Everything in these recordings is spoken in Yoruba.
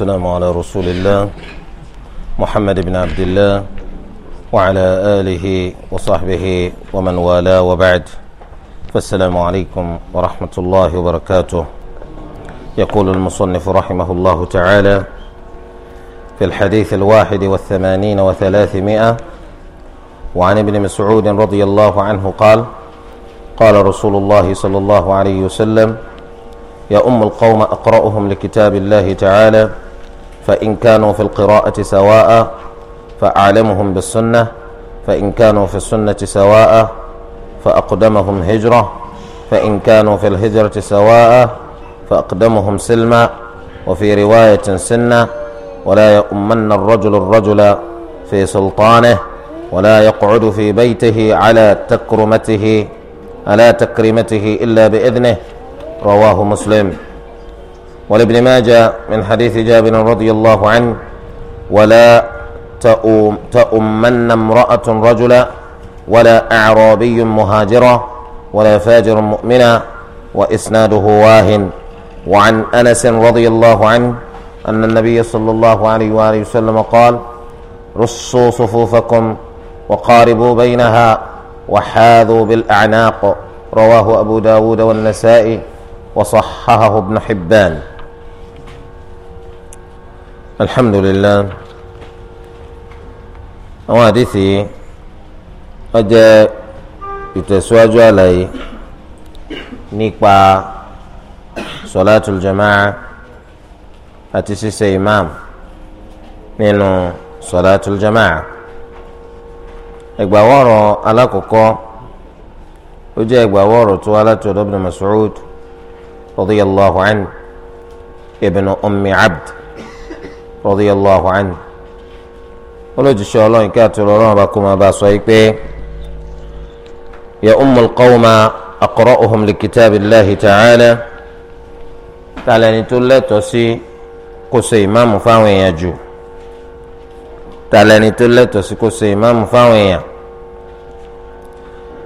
والسلام على رسول الله محمد بن عبد الله وعلى آله وصحبه ومن والاه وبعد فالسلام عليكم ورحمة الله وبركاته يقول المصنف رحمه الله تعالى في الحديث الواحد والثمانين وثلاثمائة وعن ابن مسعود رضي الله عنه قال قال رسول الله صلى الله عليه وسلم يا أم القوم أقرأهم لكتاب الله تعالى فإن كانوا في القراءة سواء فأعلمهم بالسنة فإن كانوا في السنة سواء فأقدمهم هجرة فإن كانوا في الهجرة سواء فأقدمهم سلما وفي رواية سنة ولا يؤمن الرجل الرجل في سلطانه ولا يقعد في بيته على تكرمته على تكريمته إلا بإذنه رواه مسلم ولابن ماجه من حديث جابر رضي الله عنه ولا تؤمن امرأة رجلا ولا أعرابي مهاجرة ولا فاجر مؤمنا وإسناده واهن وعن أنس رضي الله عنه أن النبي صلى الله عليه وآله وسلم قال رصوا صفوفكم وقاربوا بينها وحاذوا بالأعناق رواه أبو داود والنسائي وصححه ابن حبان الحمد لله àwọn àdìsí ọjẹ ìtẹ̀síwájú àlàyé nípa sọlátul jamaa àti ṣíṣe imam nínú sọlátul jamaa ẹgbàwọrọ alákọọkọ ó jẹ ẹgbàwọrọ tó alátọdọ ibn Mas'ud radiyallahu anhu ibn Ummi Abd radiyallahu anhu olójúṣe ọlọ́run kí àtúrò ọlọ́run bá kó máa bá sọ yìí pé ya ummul qawma aqra'uhum li kitabillahi ta'ala tààlà ẹni tó lẹ́tọ̀ọ́ sí kó ṣe ìmáàmù fáwọn èèyàn jù tààlà ẹni tó lẹ́tọ̀ọ́ sí kó ṣe ìmáàmù fáwọn èèyàn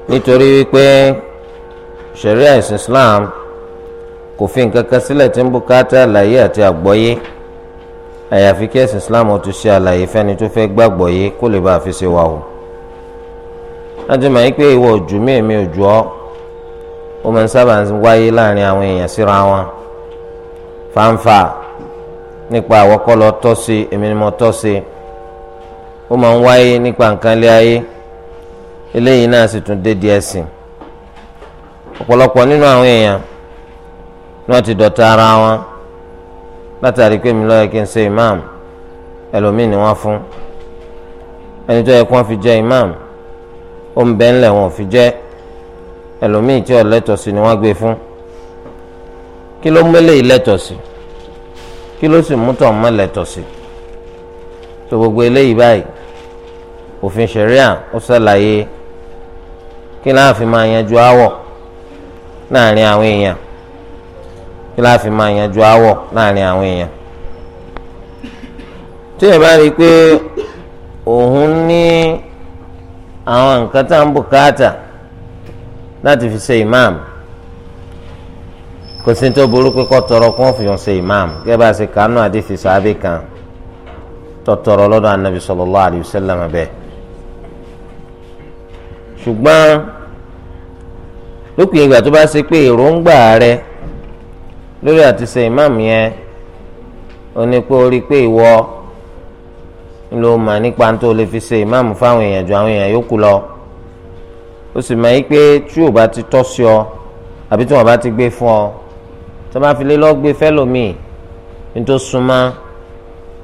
nítorí wípé sharia islam kò fi nǹkan kan sílẹ̀ tí ń bùkátà àlàyé àti àgbọ́yé. àyàfi kí ẹ̀sìn islam tún ṣe àlàyé fẹ́ni tó fẹ́ gbàgbọ́ yé kó lè bá a fi ṣe wà o láti mọ̀ yí pé ìwọ ojú mi èmi ojú ọ́ ó máa ń sábà wáyé láàrin àwọn èèyàn síra wọn fáńfà nípa àwọ̀kọ́ lọ tọ́ sí èmi ni mo sí ó máa ń wáyé nípa nǹkan lé ayé eléyìí náà sì tún ti dọ̀tá ara wọn. látàrí pé mi lọ́yẹ̀ kí n ṣe imam ẹlòmíì ni wọ́n fún ẹni tó yẹ kí wọ́n fi jẹ́ imam ó ń bẹ́ ńlẹ̀ wọn ò fi jẹ́ ẹlòmíì tí ọ̀lẹ́tọ̀ sí ni wọ́n gbé fún kí ló mẹ́lẹ̀ ìlẹ́tọ̀ sí kí ló sì mú tọ̀ mọ́lẹ̀tọ̀ sí tó gbogbo eléyìí báyìí òfin ṣẹ̀ríà ó ṣàlàyé kí láàfin máa yanjú áwọ̀ láàrin àwọn èèyàn kí la fi máa yanjú áwọ̀ láàrin àwọn èèyàn tí ẹ bá rí i pé òun ní àwọn nǹkan tá à ń bùkátà láti fi ṣe imam kò sí tó burú pé kó tọrọ kó wọ́n fi hàn ṣe imam gẹ́gẹ́ bá a ṣe kánú àdìsí sàábì kan tó lọ́dọ̀ anabi sallallahu alayhi wa sallam bẹ́ẹ̀ ṣùgbọ́n lópin ìgbà tó bá ṣe pé èròǹgbà rẹ̀ lórí àti ṣe imam yẹn ó ní pé ó rí i pé ìwọ ló mà nípa tó lè fi ṣe imam fáwọn èèyàn ju àwọn èèyàn yòókù lọ ó sì máa yí pé tí ò bá ti tọ́ sí ọ àbí tí wọ́n bá ti gbé fún ọ tó bá fi lé lọ́ọ́ gbé fẹ́lòmíì ní tó súnmọ́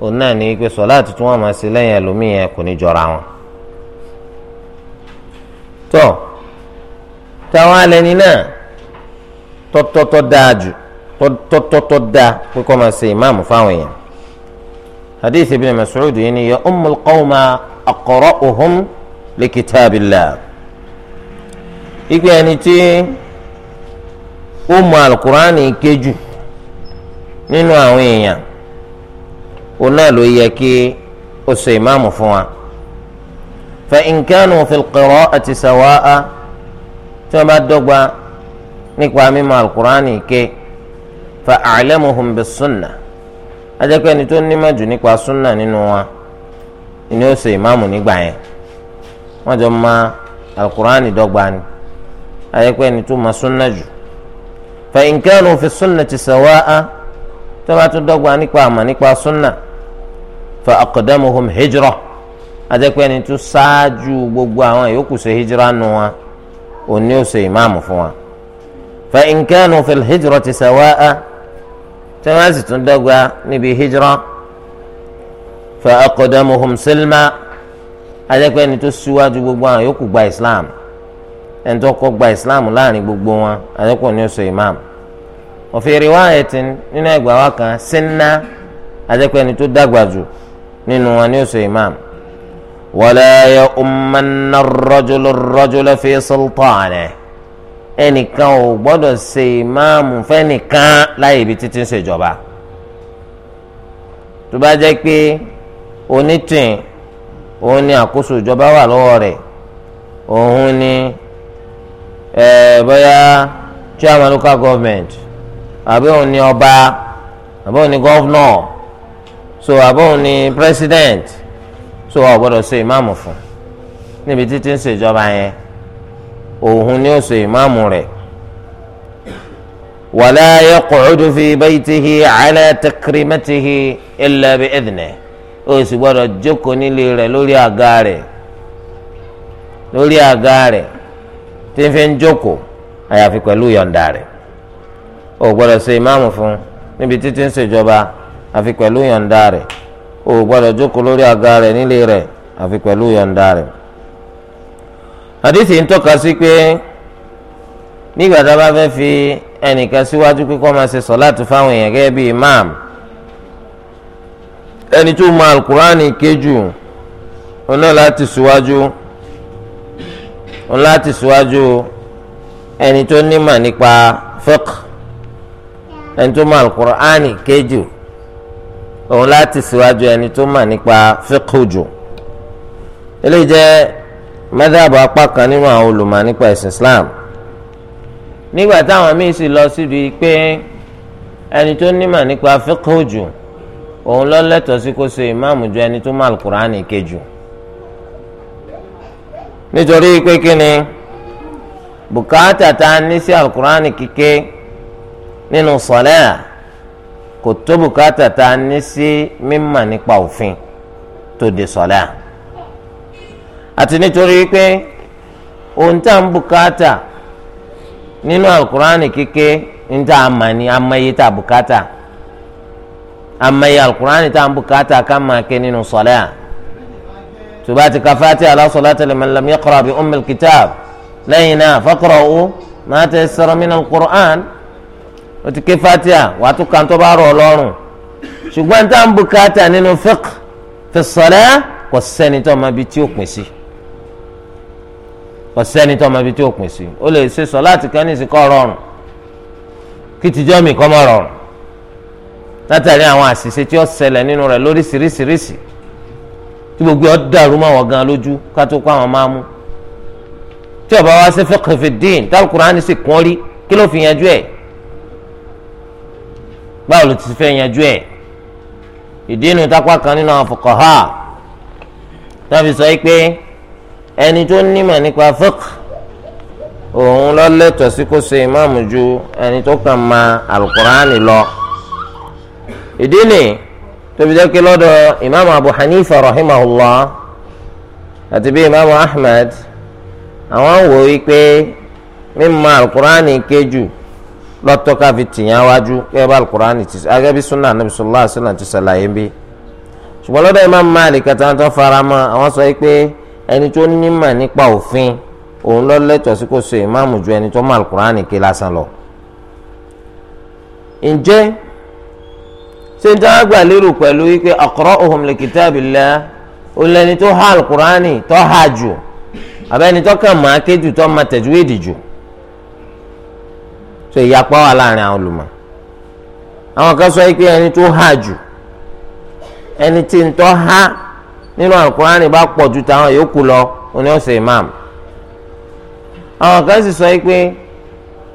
òun náà ní pé sọ̀láàtì tí wọ́n máa ṣe lẹ́yìn ẹlòmíì yẹn kò ní jọra wọn. tó táwọn alẹ́ ni náà tọ́tọ́tọ́ dáa jù tọ́tọ́tọ́ da pé kọ́ máa ṣe ìmáàmù fáwọn èèyàn hadith ibn Mas'ud yìí ni ya ummul qawma aqra'uhum li kitabillah ìgbà ẹni tí ó mọ alukurani kéjù nínú àwọn èèyàn ó náà ló yẹ kí ó ṣe ìmáàmù fún wa fa in kanu fil qira'ati sawa'a tí wọ́n bá dọ́gba nípa mímọ alukurani kéjù fa a'lamuhum bis sunnah ajẹ́pẹ́ ẹni tó nímọ̀ jù nípa sunna nínú wa ni ó ṣe ìmáàmù nígbà yẹn wọ́n jọ ma alukur'ani dọ́gba ni ajẹ́pẹ́ ẹni tó ma sunna jù fa in kanu fi sunnati sawa'a tó bá tún dọ́gba nípa àmà nípa sunna fa aqdamuhum hijra ajẹ́pẹ́ ẹni tó ṣáájú gbogbo àwọn yòókù ṣe hijra nù wa òní ó ṣe ìmáàmù fún wa fa in fi hijra ti sawa'a tẹ́wọ́n sì tún dọ́gba níbi hijra fa aqdamuhum silma ajẹ́pẹ́ ẹni tó síwájú gbogbo àwọn yòókù gba islam ẹni tó kọ́ gba islam láàrin gbogbo wọn ajẹ́pẹ́ ni ó so imam wa fi riwayatin nínú ẹgbàá wa kan sinna ajẹ́pẹ́ ẹni tó dàgbà jù nínú wọn ni ó so imam wala ya ummanna ar-rajulu ar-rajula fi sultanihi ẹnìkan ò gbọ́dọ̀ ṣe ìmáàmù fẹ́nìkan láyé ibi títí ń ṣèjọba tó bá jẹ́ pé onítìǹ òun ni àkóso ìjọba wà lọ́wọ́ rẹ̀ òun ni bóyá chairman local government àbí òun ni ọba àbí òun ni governor so àbí òun ni president so ò gbọ́dọ̀ ṣe ìmáàmù fún níbi títí ń ṣèjọba yẹn òun ni ó so ìmáàmù rẹ̀ wàlá yaqudu fi baytihi ala takrimatihi illa bi idhnihi ó sì gbọ́dọ̀ jókòó nílé rẹ̀ lórí àga rẹ̀ lórí àga rẹ̀ tí ń fi ń jókòó àyàfi pẹ̀lú yọ̀ǹda rẹ̀ ó gbọ́dọ̀ so ìmáàmù fún níbi títí ń ṣèjọba àfi pẹ̀lú yọ̀ǹda rẹ̀ ó gbọ́dọ̀ jókòó lórí àga rẹ̀ nílé rẹ̀ àfi pẹ̀lú yọ̀ǹda rẹ̀ àdìsí ń tọ́ka sí pé nígbà tá a bá fẹ́ fi ẹnìkan síwájú pé kó máa ṣe sọ̀láàtì fáwọn èèyàn gẹ́gẹ́ bíi imam ẹni tó mọ alukurani kéjù òun náà láti síwájú òun láti síwájú ẹni tó nímọ̀ nípa fiqh ẹni tó mọ alukurani kéjù òun láti síwájú ẹni tó mọ̀ nípa fiqh jù eléyìí jẹ́ mẹ́tàbọ̀ apá kan nínú àwọn olùmọ̀ nípa ẹ̀sìn Islam nígbà táwọn míì sì lọ síbi pé ẹni tó nímọ̀ nípa fíkọ́ jù òun lọ lẹ́tọ̀ọ́ sí kó ṣe ìmáàmù ju ẹni tó mọ̀ alukur'ani kejù nítorí pé kí ni bùkátà tá a ní sí alukur'ani kíké nínú sọlẹ́à kò tó bùkátà tá ní sí mímọ̀ nípa òfin tó de sọlẹ́à àti nítorí pé ohun tá à ń bùkátà nínú alukurani kíké ń tá a mà ní amáyé tá a bùkátà amáyé alukurani tá a ń bùkátà ká máa ké nínú sọlẹ́ à tó bá ti ka Fatiha la salata liman lam yaqra bi ummil kitab lẹ́yìn náà faqra'u ma tayassara minal Qur'an ó ti ké Fatiha wàá tún kàn tó bá rọ̀ ọlọ́run ṣùgbọ́n tá à fi sọlẹ́ kò sẹ́ni ma bi tí ó pín Si kò sẹ́ni tó ọmọ ibi tí ó pín sí ó lè ṣe sọ láti kàn ní ìsìnkọ́ rọrùn kí tìjọ́ mi kọ́ mọ́ rọrùn látàrí àwọn àṣìṣe tí ó ṣẹlẹ̀ nínú rẹ̀ lóríṣiríṣiríṣi tí gbogbo ọ dàrú mọ́ wọn gan lójú ká tó kó àwọn máa mú tí ọba wa ṣe fiqh fi dín tálkùránì sì kún rí kí ló fi yanjú ẹ̀ báwo ló ti fẹ́ yanjú ẹ̀ ìdí inú tápá kan nínú àwọn fuqaha tábí sọ yìí pé. ẹni tó nímọ̀ nípa fiqh òun ló lẹ́tọ̀ọ́ sí kó ṣe ju ẹni tó kàn ma alukur'ani lọ. ìdí ni tóbi jẹ́ kí lọ́dọ̀ ìmáàmù abu hanifa rahimahullah àti bí ìmáàmù ahmed àwọn wò wípé mímọ̀ alukur'ani kéjù lọ́tọ́ káfi tìyàn wájú kẹ́ẹ́ bá ti agẹ́ bí sunna anabi sallallahu alayhi wa sallam ti ṣùgbọ́n lọ́dọ̀ malik tó fara mọ́ àwọn sọ ẹni tó nímọ̀ nípa òfin òun ló lẹ́tọ̀ọ́ sí kó so ìmáàmù ju ẹni tó mọ alukur'ani ké lásán lọ. ǹjẹ́ ṣé ń dáná gbà lérò pẹ̀lú wípé aqra'uhum li kitabillah ó lẹ́ni tó há alukur'ani tó há jù àbẹ́ni tó kàn máa ké jù tó máa tajwidi jù so ìyapa wà láàrin àwọn olùmọ̀ àwọn kan sọ wípé ẹni tó há jù ẹni tí ń tọ́ há. nínú alukurani bá pọ̀ ju tàwọn yòókù lọ oní imam àwọn kan sì sọ pé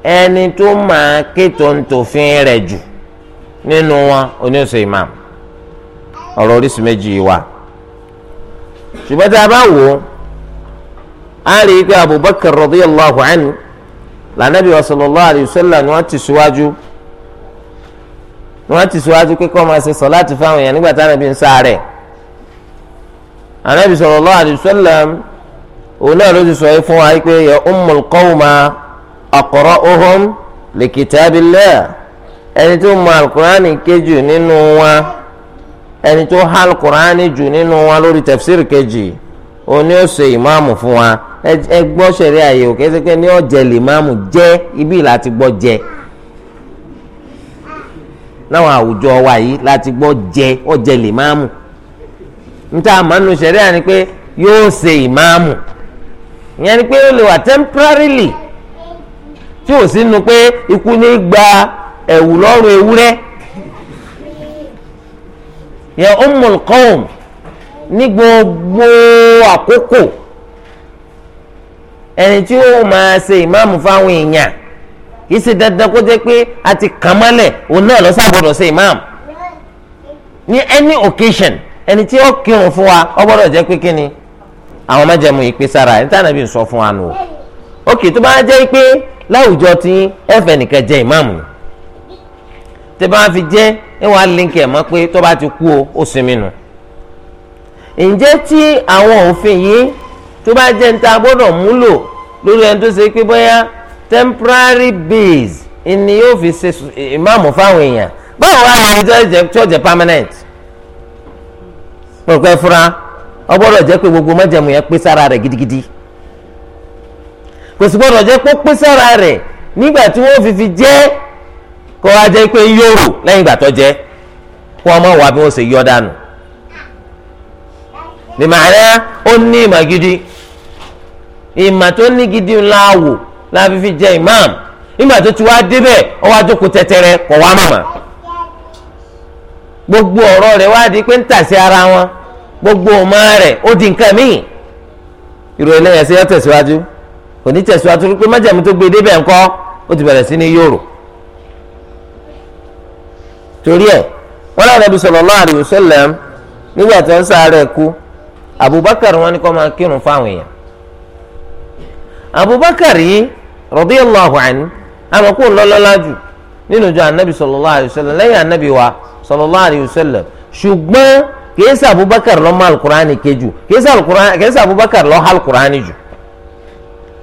ẹni tó máa kéto ntòfin rẹ̀ jù nínú wọn oní ọ̀sẹ̀ imam ọ̀rọ̀ orísun méjì yìí wà ṣùgbọ́n tá a bá wò ó a rí i pé abubakar radiyallahu anhu lànàbí wa sallallahu ni wọ́n anabi sallallahu alayhi wa sallam òun náà ló ti sọ fún wa pé ya ummul qawma aqra'uhum li kitabillah ẹni tó mọ alukur'ani kejì nínú wa ẹni tó ha alukur'ani jù nínú wa lórí tafsir kejì òun ni ó ṣe ìmáàmù fún wa ẹ gbọ́ sẹ̀rí àyè òkè ṣe pé ní ọ̀jẹ̀ lìmáàmù jẹ́ ibi láti gbọ́ jẹ́ láwọn àwùjọ wa yìí láti gbọ́ jẹ́ ọ̀jẹ̀ lìmáàmù níta amanu ṣẹ̀ríà ni pé yóò ṣe ìmáàmù ìyẹn ni pé ó lè wà temporarily tí ò sínú pé ikú ní gba ẹ̀wù lọ́rùn ewúrẹ́ yẹ ummul qawm ní gbogbo àkókò ẹni tí ó máa ṣe ìmáàmù fáwọn èèyàn kì í ṣe dandan kó jẹ́ pé a ti kàn mọ́lẹ̀ òun náà lọ sábọ̀dọ̀ ṣe ìmáàmù ní any occasion ẹni tí ó kírun fún wa ó gbọ́dọ̀ jẹ́ pé kíni àwọn májẹ̀mú yìí pé sára ẹni tí ànábì ń sọ fún wa nù. òkè tó bá jẹ́ pé láwùjọ tí ẹ fẹ́ nìkan jẹ́ ìmáàmù tẹ bá fi jẹ́ ẹ líǹkì ẹ̀ mọ́ pé tó bá ti kú ó sinmi nù. ǹjẹ́ tí àwọn òfin yìí tó bá jẹ́ níta gbọ́dọ̀ múlò lórí ẹni tó ṣe pé bóyá temporary base ni yóò fi ṣe ìmáàmù fáwọn èèyàn báwo wá ní ọjọ́ jẹ́ permanent mo rò pé fúnra ọ gbọ́dọ̀ jẹ́ pé gbogbo májẹ̀mú yẹn pé sára rẹ̀ gidigidi kò sì gbọ́dọ̀ jẹ́ pé sára rẹ̀ nígbà tí wọ́n fi fi jẹ́ kó wá jẹ́ pé ń lẹ́yìn ìgbà tó jẹ́ kó ọmọ wa bí wọ́n ṣe yọ dànù gidi ìmọ̀ tó ní gidi ńlá wò láfi fi jẹ́ ìmọ̀ tó ti wá débẹ̀ gbogbo ọ̀rọ̀ rẹ̀ wá di pé ń tà sí ara wọn gbogbo ọmọ rẹ̀ ó di nǹkan míì ìròyìn ẹlẹ́yìn ẹ̀sìn yóò tẹ̀síwájú kò ní tẹ̀síwájú pé májàmú tó gbé débẹ̀ ńkọ́ ó ti bẹ̀rẹ̀ sí ní yòrò torí ẹ̀ wọ́n lára Nabi sallallahu alaihi wasallam nígbà tó ń sáré kú Abubakar wọn ni kó máa kírun fáwọn èèyàn Abubakar yìí radiyallahu anhu àmọ́ kó ń lọ́lọ́lá jù nínú ìjọ anabi sallallahu alaihi wasallam lẹ́yìn anabi wa sallallahu alayhi wa sallam ṣùgbọ́n kèésì abubakar ló mọ alukurani kejù kèésì abubakar ló alukurani jù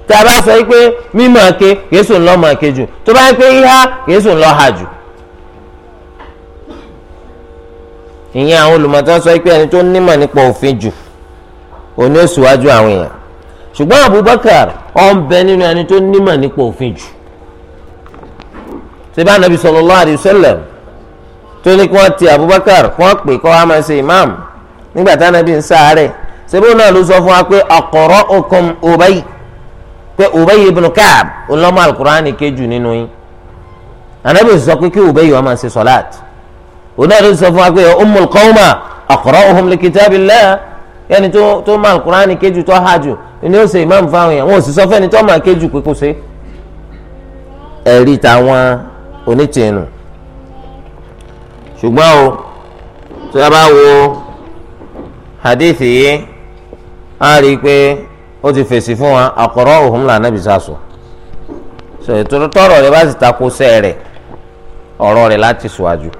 tí a bá sọ yìí pé mímọ̀ ake kèésì ńlọ mọ̀ ake jù tó bá yẹ pé ihá kèésì ńlọ ha jù. ìyẹn àwọn olùmọ̀tọ́ sọ pé ẹni tó nímọ̀ nípa òfin jù òní ó ṣíwájú àwọn èèyàn ṣùgbọ́n abubakar ó ń bẹ nínú ẹni tó nímọ̀ nípa òfin jù. ṣé bá nàbí tó ní kí wọ́n ti Abubakar kí wọ́n pè kọ́ wa máa ṣe imam nígbà tí anabi ń sáré sebo náà ló sọ fún wa pé aqra'ukum Ubay pé Ubay ibn Ka'b olọ́mọ alukur'ani kejì nínú yín anabi sọ pé kí Ubay wa máa ṣe sọláàtì onáà ló sọ fún wa pé ummul qawma aqra'uhum li kitabillah yẹni tó tó máa alukur'ani kejì tó hajù ni ó ṣe imam fáwọn yẹn wọn ò sì sọ fẹ́ni tó máa kejì pé ṣe ẹ̀rí tàwọn onítìẹnu. ṣùgbọ́n o tí a bá wo hadith yìí a rí i pé ó ti fèsì fún wa àkọ́rọ́ òhun là nàbì sàṣọ so tọrọ rẹ bá sì takò sẹ rẹ ọ̀rọ̀ rẹ láti ṣùwájú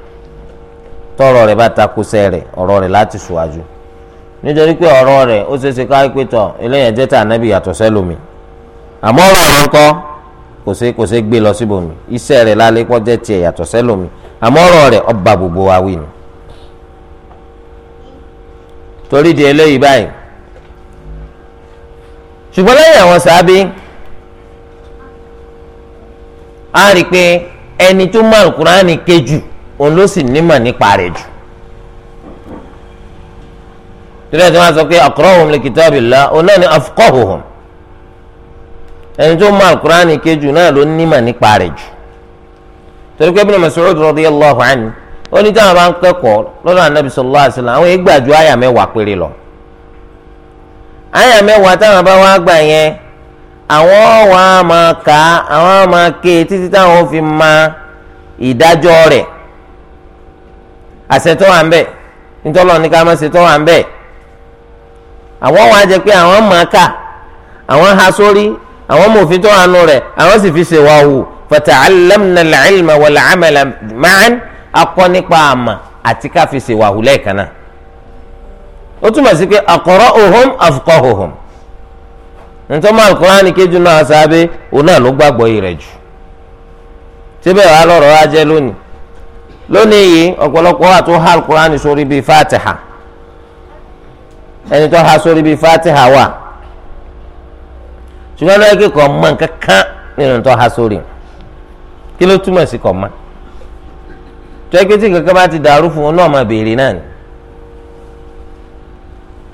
tọrọ rẹ bá takò sẹ rẹ ọ̀rọ̀ rẹ láti ṣùwájú nítorí pé ọ̀rọ̀ rẹ̀ ó pé tọ̀ eléyàn jẹ́ yàtọ̀ sẹ́lómi àmọ́ ọ̀rọ̀ kò ṣe kò ṣe gbé lọ síbòmí àmọ́ ọ̀rọ̀ rẹ̀ ọba gbogbo wa wí ni torí di eléyìí báyìí ṣùgbọ́n lẹ́yìn àwọn sábẹ́ a rí i pé ẹni tó mọ alukurani kejù òun ló sì nímọ̀ nípa rẹ̀ jù torí tí wọ́n sọ pé aqra'uhum li kitabillah òun náà ni afqahuhum ẹni tó mọ alukurani kejù náà ló nímọ̀ nípa rẹ̀ jù torí pé Ibn Mas'ud radiyallahu anhu ó ní táwọn bá ń kẹ́kọ̀ọ́ lọ́dọ̀ anabi sallallahu alaihi wasallam àwọn ìgbà ju àyà mẹ́wàá péré lọ àyà mẹ́wàá táwọn bá wá gbà yẹn àwọn wà á máa kà á àwọn á máa ké títí táwọn fi ma ìdájọ́ rẹ̀ àṣẹ tó wà ń bẹ̀ nítorí ní ká má wà ń bẹ̀ àwọn wà á jẹ pé àwọn máa kà àwọn ha sórí àwọn mòfin tó wà rẹ̀ àwọn sì fi ṣèwà wù fata'allamna al-ilma wal-amala ma'an akọ́ nípa àmà àti káfíìsì wàhù lẹ́ẹ̀kan náà ó túmọ̀ sí pé aqra'uhum afqahuhum ntọ́mọ al-Qur'ani kejì náà sábẹ́ òun náà ló gbàgbọ́ yìí rẹ̀ jù lọ́rọ̀ wá lónìí lónìí yìí ọ̀pọ̀lọpọ̀ wà tó há alukurani sórí fatiha ẹni tó há sórí bíi fatiha wà ṣùgbọ́n lọ́yẹ́ kíkọ́ mọ̀ nǹkan nínú tó há sórí kí ló túmọ̀ sí kọ̀ ma jẹ́ pé tí kankan bá ti dàrú fún un náà máa béèrè náà ni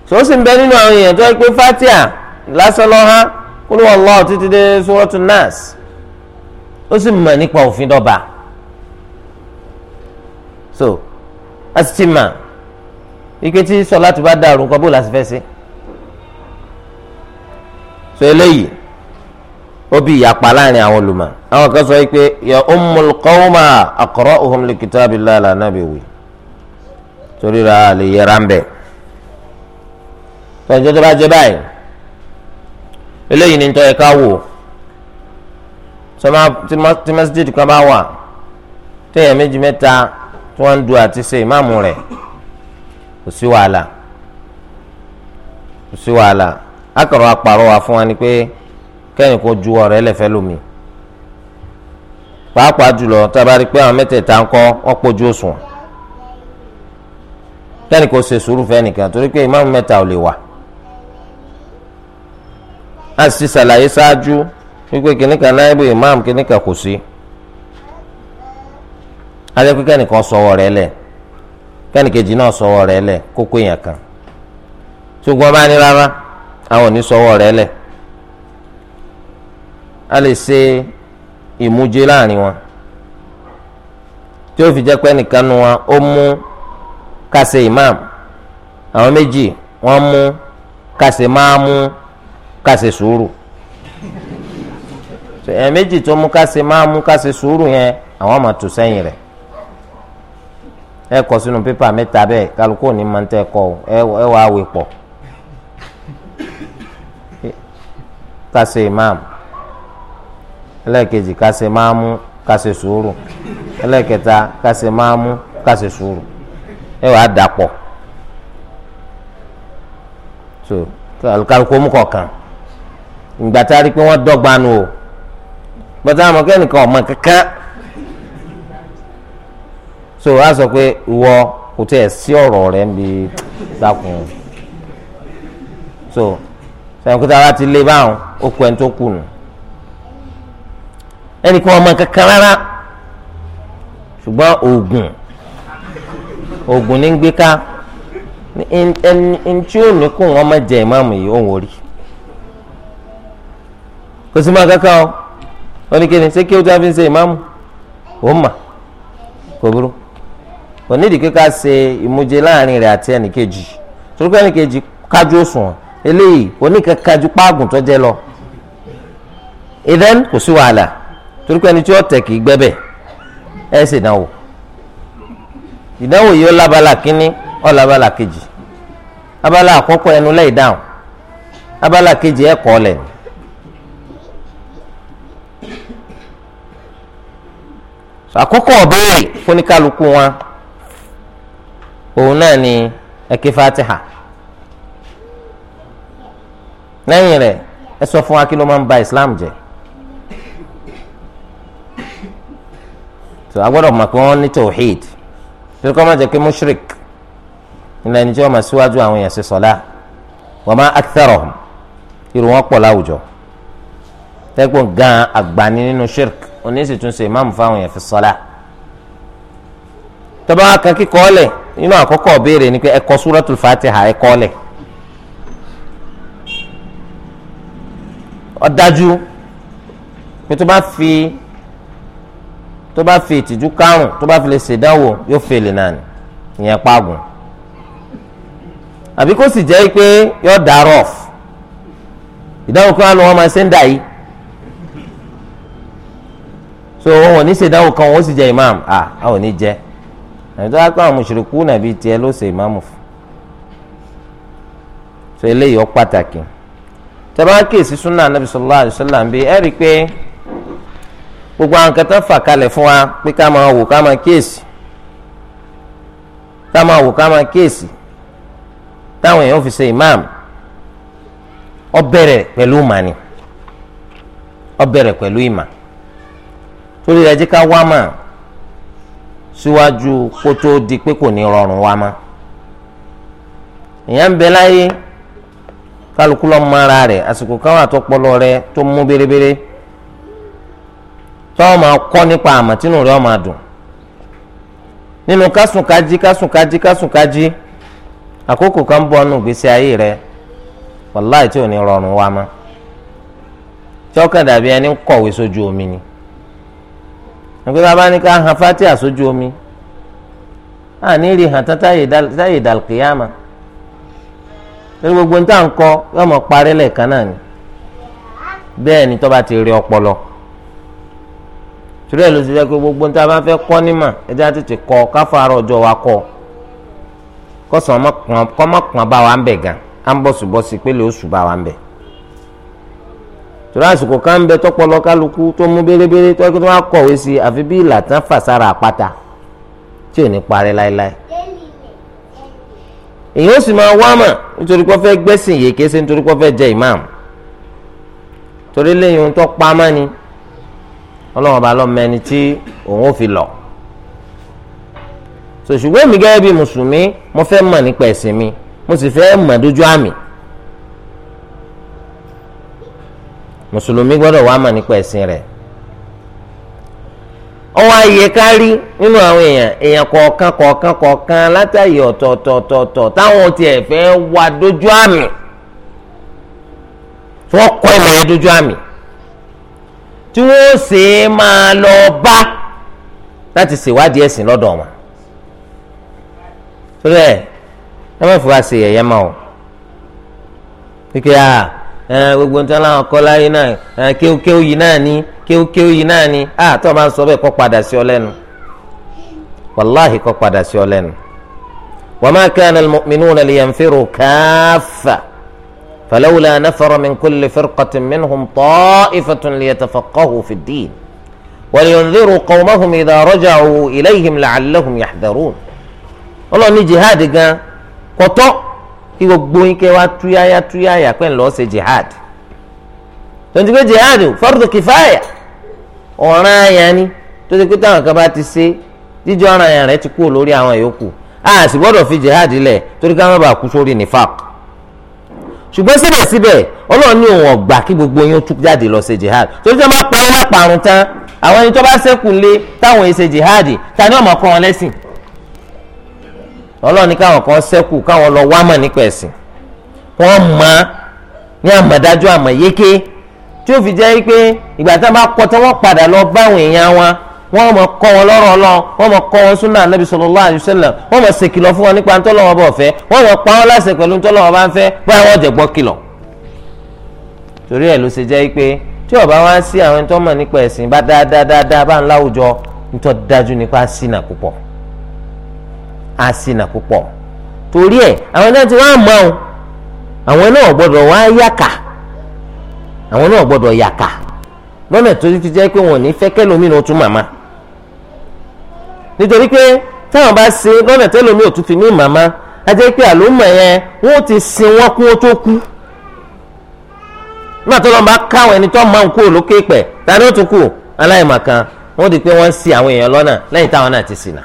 tó sì ń bẹ nínú àwọn èèyàn tó yẹ pé fatia lásán lọ́hán kúlú wallahu títí dé suratul nas ó sì mọ̀ nípa òfin dọ́ba so a sì ti mọ̀ ike tí sọlá ti bá dàrú nǹkan bó la sì fẹ́ sí so eléyìí. obi bí ìyapa láàrin àwọn olùmọ̀ àwọn kan ya ummul qawma aqra'uhum li kitabillahi la nabawi torí ra lè yẹra ń bẹ̀. tọ́jú tó bá jẹ báyìí eléyìí ni ń tọ́ ẹ ká wò tí masjid kan bá wà téèyàn méjì mẹ́ta tí wọ́n ń du àti ṣe ìmáàmù rẹ̀ kò sí wàhálà kò sí kẹ́yìn kó ju ọ̀rẹ́ lẹ́fẹ́ lómi pàápàá jùlọ tá rí pé àwọn mẹ́tẹ̀ẹ̀ta ń kọ́ wọ́n pójú òṣùwọ̀n kẹ́yìn kó ṣe sùúrù fẹ́ nìkan torí pé mẹ́ta ò lè wà a sì ṣàlàyé ṣáájú wípé kìnnìkan náà ibo ìmáàmù kò sí pé sọ̀wọ́ rẹ̀ lẹ̀ náà sọ̀wọ́ rẹ̀ lẹ̀ kókó kan ṣùgbọ́n bá ní rárá àwọn a lè ṣe ìmújẹ láàrin wọn tí ó fi jẹ́ pé ẹnìkan nu mú imam àwọn méjì wọn mú kásẹ̀ máa mú kásẹ̀ sùúrù ẹ méjì tó mú kásẹ̀ máa mú kásẹ̀ sùúrù yẹn àwọn máa tò sẹ́yìn rẹ ẹ kọ sínú pépà mẹ́ta kálukú máa ń kọ imam. ẹlẹ́ẹ̀kejì ká ṣe máa mú ká ṣe sùúrù ẹlẹ́ẹ̀kẹta ká ṣe máa mú ká ṣe sùúrù ẹ wàá dàpọ̀ so kálukú mú kọ̀ọ̀kan ìgbà tá a rí i pé wọ́n dọ́gba nu o bọ́tà àmọ́ kẹ́nìkan ọ̀mọ kankan so a sọ pé ìwọ kò tẹ̀ sí ọ̀rọ̀ rẹ̀ ń bi dákun so sẹ́yìn kúta wa ti lé báwọn ó kú ẹni tó kù nù ẹnìkan ọmọ kankan rárá ṣùgbọ́n oògùn oògùn ní gbé ká ntí ò ní kó wọn má jẹ ìmáàmù yìí ó wọrí kò sí máa kankan o wọn ní kíni ṣé kí o tí a fi ń ṣe ìmáàmù ó mà kò burú kò nídìí kíkà ṣe ìmújẹ láàrin rẹ̀ àti ẹnìkejì torí ẹnìkejì kájú òṣùwọ̀n eléyìí oníkankanjú páàgùn tó jẹ lọ ìdẹ́n kò sí wàhálà. torí pé ẹni tí ó tẹ̀ kì í gbẹ́bẹ̀ ẹ sì dánwò ìdánwò yìí ó lábala kínní ó lábala kejì abala àkọ́kọ́ ẹnu lẹ́yìn abala kejì ẹ̀ kọ́ lẹ̀ àkọ́kọ́ fúnikálukú wọn òun náà ni ẹ̀kí fatiha lẹ́yìn rẹ̀ ẹ sọ fún wa kí ló Islam jẹ́ so agbọ́dọ̀ mọ̀ pé wọ́n ní tawhid torí kọ́ máa jẹ́ pé mushrik nílẹ̀ ẹni tí wọ́n máa síwájú àwọn èèyàn ṣe sọ́lá wọ́n máa aktharuhum irú wọn pọ̀ láwùjọ tẹ́gbọ̀n gan àgbàní nínú shirk oníṣètúnṣe ìmáàmù fáwọn èèyàn fi sọ́lá tọ́ba kan kíkọ́ ọ̀lẹ̀ nínú àkọ́kọ́ ọ̀bẹ̀rẹ̀ ni pé ẹ kọ fatiha ẹ kọ́ ọ̀lẹ̀ ọ̀dájú pé tó bá fi tó bá fi ìtìjú kárùn tó bá fi lè ṣèdánwò yóò fèlè náà ni ìyẹn paagun àbí kó sì jẹ́ pé yóò dà rọ̀f ìdáhùn kan ló wọn máa ṣe ń dà yìí so wọn ò ní ṣèdánwò kan wọn ó sì jẹ ìmáàmù à a ò ní jẹ ẹni tó bá pẹ́ àwọn mùṣírikù nàbí tiẹ̀ ló ṣe ìmáàmù fún so eléyìí ó pàtàkì tẹ́ bá ń kíyèsí súnà nàbí sallallahu ń bí ẹ pé. gbogbo àwọn kẹtọ́ fà kalẹ̀ fún wa pé ká máa wò ká máa kíyèsí ká máa wò ká máa kíyèsí táwọn èèyàn fi ṣe imam ó bẹ̀rẹ̀ ìmà ni ó wama siwaju ìmà di pé kò ní rọrùn wá mà èèyàn bẹ láyé kálukú lọ́ọ́ mọ ara rẹ̀ àsìkò káwọn tó tí wọ́n máa kọ́ nípa àmọ̀ tínú rẹ̀ máa dùn nínú kásùnkájí kásùnkájí kásùnkájí àkókò kan bọ́ ọ́nù gbèsè ayé rẹ wàláì tí ò ní rọrùn wá mọ́ tí dàbí ẹni ń kọ̀wé sójú omi ni nígbà bá bá ní ká omi a rí hàn tán táyé gbogbo parí náà torí ẹ̀ ló ti jẹ́ pé gbogbo níta bá fẹ́ kọ́ nímà ẹjẹ́ á tètè kọ́ káfọ́ wa kọ kọ́sàn kọ́ bá wa ń gan á ń bọ̀sùbọ̀sì pé lè bá wa ń bẹ̀ torí àsìkò ń bẹ tọpọlọ kálukú tó mú bérebére tó tó wá kọ̀wé sí i àfi bí ìlà tán si àpáta tí ò ní parẹ́ láéláé èyí ó sì máa wá pa á ni. ọlọ́wọ́n bá lọ́mọ ẹni tí òun ò fi lọ. so ṣùgbọ́n èmi gẹ́gẹ́ bí mùsùlùmí mo fẹ́ mọ̀ nípa ẹ̀sìn mi mo sì fẹ́ mọ̀ dójú àmì. mùsùlùmí gbọ́dọ̀ wá mọ̀ nípa ẹ̀sìn rẹ̀. ọwọ́ ayé kárí nínú àwọn èèyàn èèyàn kọ̀ọ̀kan kọ̀ọ̀kan kọ̀ọ̀kan látàyè ọ̀tọ̀ọ̀tọ̀ọ̀tọ̀ táwọn tiẹ̀ fẹ́ wá dójú àmì. wọ́n kọ́ ìmọ̀ tí wọ́n ṣe é máa lọ bá láti ṣèwádìí ẹ̀sìn lọ́dọ̀ wọn. torí ẹ ẹ má fura ṣe yẹ̀yẹ́ máa o kíkẹ́ à gbogbo nǹkan láwọn kọ́ láyé náà kéwkéw yìí náà ni kéwkéw yìí náà ni à tó o máa ń sọ bẹ́ẹ̀ kọ́ padà sí ọ lẹ́nu wàláhì kọ́ padà sí ọ lẹ́nu wa ma kana al-mu'minuna liyanfiru kaffa. فلولا نفر من كل فرقة منهم طائفة ليتفقهوا في الدين ولينذروا قومهم إذا رجعوا إليهم لعلهم يحذرون Ọlọ́run ní jihad gan kọtọ kí gbogbo yín kẹ wá túyáyá túyáyá pẹ́ ń lọ́ọ́ ṣe jihad tonti pé jihad fardu kìfáyà ọ̀ràn àyàn ni tó ti pé táwọn kan bá ti ṣe jíjọ́ ọ̀ràn àyàn rẹ ti kú lórí àwọn yòókù a sì gbọ́dọ̀ fi jihad lẹ̀ torí ká má bàa kú sórí nifaq ṣùgbọ́n síbẹ̀síbẹ̀ ọlọ́run ní òun ọ̀gbà kí gbogbo yín ó tú jáde lọ ṣe jihad torí tó bá pa wọn lápàrún tán àwọn ẹni tó bá ṣẹ́kù lé táwọn èsè jihad ta ni ọmọ kọ́ wọn lẹ́sìn ọlọ́run ní káwọn kan ṣẹ́kù káwọn lọ wá mọ̀ nípa ẹ̀sìn wọ́n mọ ní àmọ̀dájú àmọ̀ yéké tí ó fi jẹ́ pé ìgbà tí wọ́n bá kọ́ tí wọ́n padà lọ báwọn èèyàn wọn wọ́n mọ̀ kọ́ wọn lọ́rọ̀ Ọlọ́run wọ́n mọ̀ kọ́ wọn súnà Ànábì wọ́n mọ̀ ṣèkìlọ̀ fún wọn nípa ntọ́lọ́wọ́ bọ̀ fẹ́ wọ́n mọ̀ pa wọn láṣẹ pẹ̀lú ntọ́lọ́wọ́ bá ń fẹ́ báyà jẹ̀ gbọ́ kìlọ̀. torí ẹ̀ ló ṣe jẹ́ pé tí ọba wa sí àwọn nítorí pé táwọn bá ṣe lọ́nà tẹ́lómi ò tún fi ní màmá a jẹ́ pé àlómọ̀ yẹn wọ́n ti sin wọ́n kú ó tó kú nígbà tó lọ́n bá káwọn ẹni tó máa ń kú lókè pẹ̀ tani ó tún kù aláìmọ̀kan wọ́n di pé wọ́n ń sin àwọn èèyàn lọ́nà lẹ́yìn táwọn náà ti nà.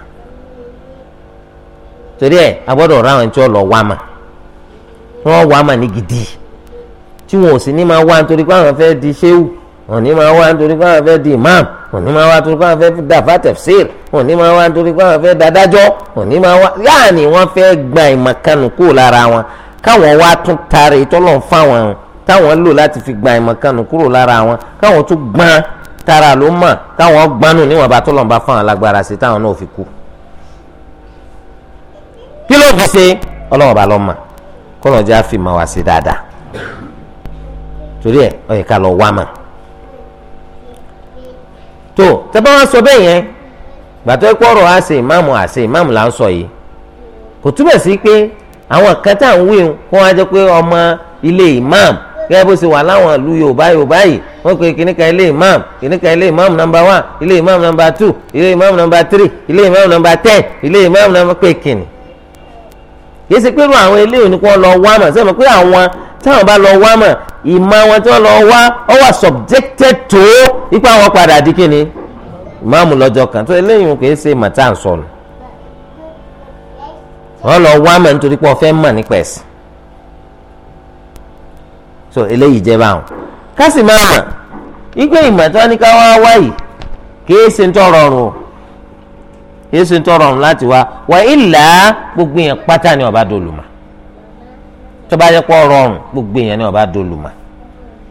torí ẹ a gbọ́dọ̀ ráwọn tí wọ́n lọ wá mà wọ́n wá mà ní gidi tí wọn ò sì ní máa wá nítorí pé àwọn fẹ́ di ṣéwù òní máa wá nítorí pé àwọn fẹ́ di imam òní máa wá nítorí pé àwọn fẹ́ dàfà tafsir òní máa wá nítorí pé àwọn fẹ́ dadájọ́ òní máa wá láàánì wọ́n fẹ́ gba ìmọ̀kanu kúrò lára wọn káwọn wá tún taari ìtọ́lọ̀ fáwọn táwọn lò láti fi gba ìmọ̀kanu kúrò lára wọn káwọn tún gbọ́n tara ló mọ̀ táwọn gbanú níwọ̀nba tọ́lọ̀ bá fáwọn alágbára sí táwọn náà fi kú kí ló fi ṣe ọlọ́wọ́n bá lọ́ọ́ tó tẹ́bá wá sọ bẹ́ẹ̀ yẹn gbàtọ́ pọ̀rọ̀ àṣẹ ìmáàmù àṣẹ ìmáàmù là ń sọ yìí kò túbọ̀ sí pé àwọn kan tá à ń wí kó wá jẹ́ pé ọmọ ilé ìmáàmù gẹ́gẹ́ bó ṣe wà láwọn ìlú yorùbá yorùbá yìí wọ́n pe kìnnìkan ilé imam kìnnìkan ilé imam nọmba one ilé imam nọmba two ilé imam nọmba three ilé imam nọmba ten ilé imam nọmba pé kìnnì. yìí ṣe pé irú àwọn eléyìí ni wọ́n lọ wá mọ̀ sẹ́mi pé àwọn táwọn bá lọ wá mọ̀ ìmọ̀ wọn tí wọ́n lọ wá ọ wà subjected to ipa wọn padà di ìmáàmù lọ́jọ́ kan tó eléyìí kò ṣe màtá wọ́n lọ wá mọ̀ nítorí pé mma mọ̀ nípa ẹ̀sìn so eléyìí jẹ́ báwọn kásì máa igbe ìmọ̀ tí wọ́n ní ká wá kì í ṣe ń tọrọ ọrùn gbogbo yẹn pátá tó bá yẹ kó rọrùn gbogbo èèyàn ni ọba dolùmọ̀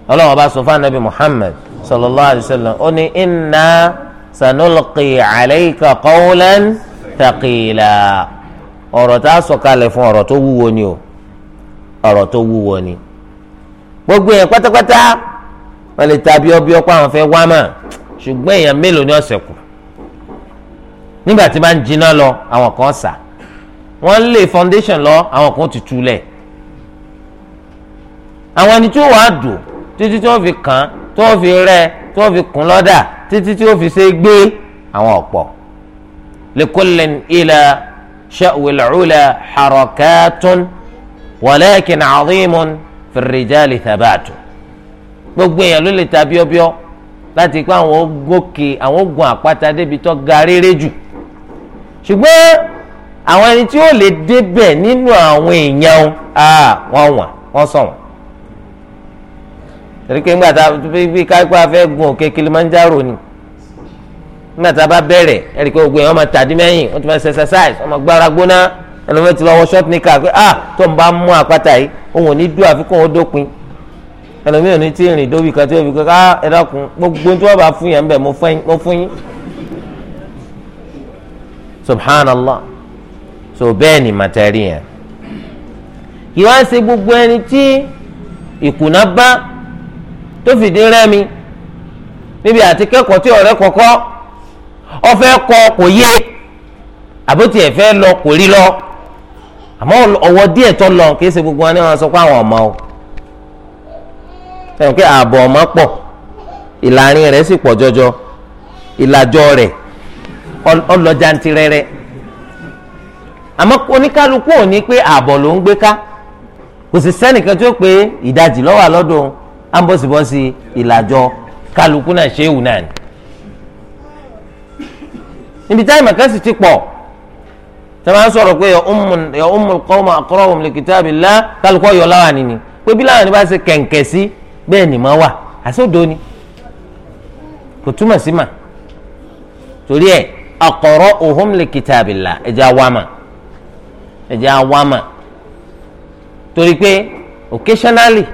ọlọ́run ọba sọ fún anabi muhammad sallallahu alayhi wa sallam ó ní inna sanulqi alayka qawlan taqila ọ̀rọ̀ tá a sọ kalẹ̀ fún ọ̀rọ̀ tó wúwo ni o ọ̀rọ̀ tó wúwo ni gbogbo èèyàn pátápátá wọ́n lè ta bíọ́bíọ́ pé àwọn fẹ́ wá mà ṣùgbọ́n èèyàn mélòó ni ọ̀sẹ̀ kù nígbà tí bá ń jiná lọ àwọn kan sà wọ́n lè foundation lọ àwọn kan ti túlẹ̀ àwọn ẹni tí ó wàá dùn títí tí wọ́n fi kàn tí wọ́n fi rẹ́ tí wọ́n fi kùn lọ́dà títí tí wọ́n fi ṣe gbé àwọn ọ̀pọ̀ likullin ila sha'wil ula harakatun walakin azimun fi rijali thabatu gbogbo èèyàn ló lè ta bíọ́bíọ́ láti pé àwọn gòkè àwọn gun àpáta débi tó ga réré jù ṣùgbọ́n àwọn ẹni tí ó lè débẹ̀ nínú àwọn èèyàn wọn wọ́n wọ́n wọ́n sọ̀wọ́n torí pé ńgbà tá bí káíkó afẹ́ gun òkè Kilimanjaro ni ńgbà tá a bá bẹ̀rẹ̀ ẹ̀rí pé ogun yẹn wọ́n máa tàdí mẹ́yìn wọ́n ti máa ṣẹṣẹsáìs wọ́n máa gbára gbóná ẹlòmíràn ti lọ wọ ṣọ́ọ̀tì níkà pé ah tó ń bá mú àpáta yìí òun ò ní dùn àfikún ó dópin ẹlòmíràn ní tí ìrìn dóbi kan tí ó fi kọ́ ah ẹ dákun gbogbo tí wọ́n bá fún yẹn ń bẹ̀ mo fún yín subhanallah so bẹ́ẹ̀ ni màtẹ́rì yẹn kì wá ṣe gbogbo ẹni tí ìkùnà bá tó fìdí rẹ́mi níbi àti kẹ́kọ̀ọ́ tí ọ̀rẹ́ kọ̀kọ́ ọ̀fẹ́ kọ kò yé àbótí ẹ̀ fẹ́ lọ kò rí lọ àmọ́ ọwọ́ díẹ̀ tó lọ kì í ṣe gbogbo wọn ni wọ́n sọ pé àwọn ọmọ o ẹ̀yìn pé ààbọ̀ ọmọ pọ̀ ìlàrin rẹ̀ sì pọ̀ jọjọ ìlàjọ rẹ̀ ọlọ́jàntìrẹrẹ àmọ́ oníkálukú ò ní pé ààbọ̀ ló ń gbé ká kò sì sẹ́nìkan tó pé ìdajì lọ́wọ́ àlọ́dún à ń bọ̀sibọ́sí ìlàjọ kálukú náà ṣéwù náà ni. níbi táyì màkàsì ti pọ̀ tẹ̀wọ́n á sọ̀rọ̀ pé ya ummul qawma aqra'uhum li kitabillah kálukú ọ̀yọ́ láwa nìní pé bí láwọn ni bá ṣe kẹ̀ǹkẹ̀ sí bẹ́ẹ̀ ni máa wà àsọdọ́ ni kò túmọ̀ sí mà torí ẹ̀ aqra'uhum li kitabillah ẹ̀jẹ̀ awàmà ẹ̀jẹ̀ awàmà torí pé occasionally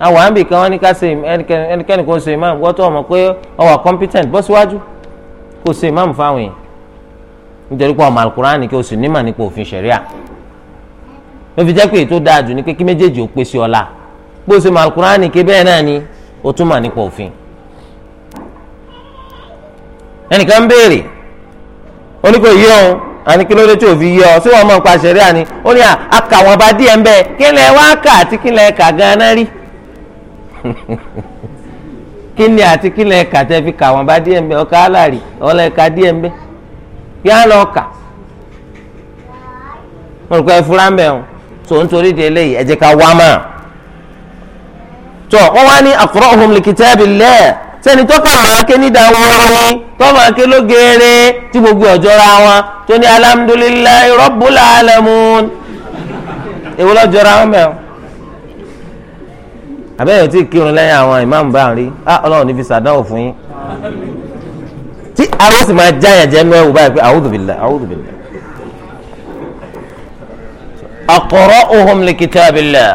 àwọn àmì kan wọn ní ká ṣe ẹnikẹ́ni kò ṣe imam gbọ́tọ̀ ọmọ pé ọwọ́ competent bọ́ síwájú kò ṣe imam fáwọn yẹn nítorí pé ọmọ alukur'an ni kí o sì nímọ̀ nípa òfin ṣẹ̀ríà ló fi jẹ́ pé dáa jù ni pé kí méjèèjì ó sí o ṣe ni bẹ́ẹ̀ náà ni o tún mọ̀ nípa òfin. ẹnìkan béèrè ó ní kò yí ọ sí wọn mọ̀ nípa ni ó ní àkàwọn bá díẹ̀ ń bẹ́ẹ̀ kí kíni àti kílẹ̀ ẹ̀ka tẹ́ fi kà wọ́n bá díẹ̀ mbẹ́ ọkà aláàrí ọlọ́ ẹ̀ka díẹ̀ mbẹ́ kí á lọ kà wọn kọ́ ẹ fúra mbẹ́ o tó ń torí di eléyìí ẹ jẹ́ ká wá mà tó wọ́n wá ní aqra'uhum li kitabillah sẹ́ni tó kà máa ké ní ìdáwọ́rin tó máa ké ló geere tí gbogbo ọjọ́ ra wọn tó ní alhamdulillahi rabbil alamin èwo lọ́jọ́ ra wọn mẹ́wọ́n àbẹ́yẹ̀ tí kírun lẹ́yìn àwọn ìmáàmù bá ń rí ọlọ́run ní fi sàdánwò fún yín tí àwọn sì máa já yànjẹ́ mẹ́wù báyìí pé a'udhu billahi a'udhu billahi. aqra'uhum li kitabillah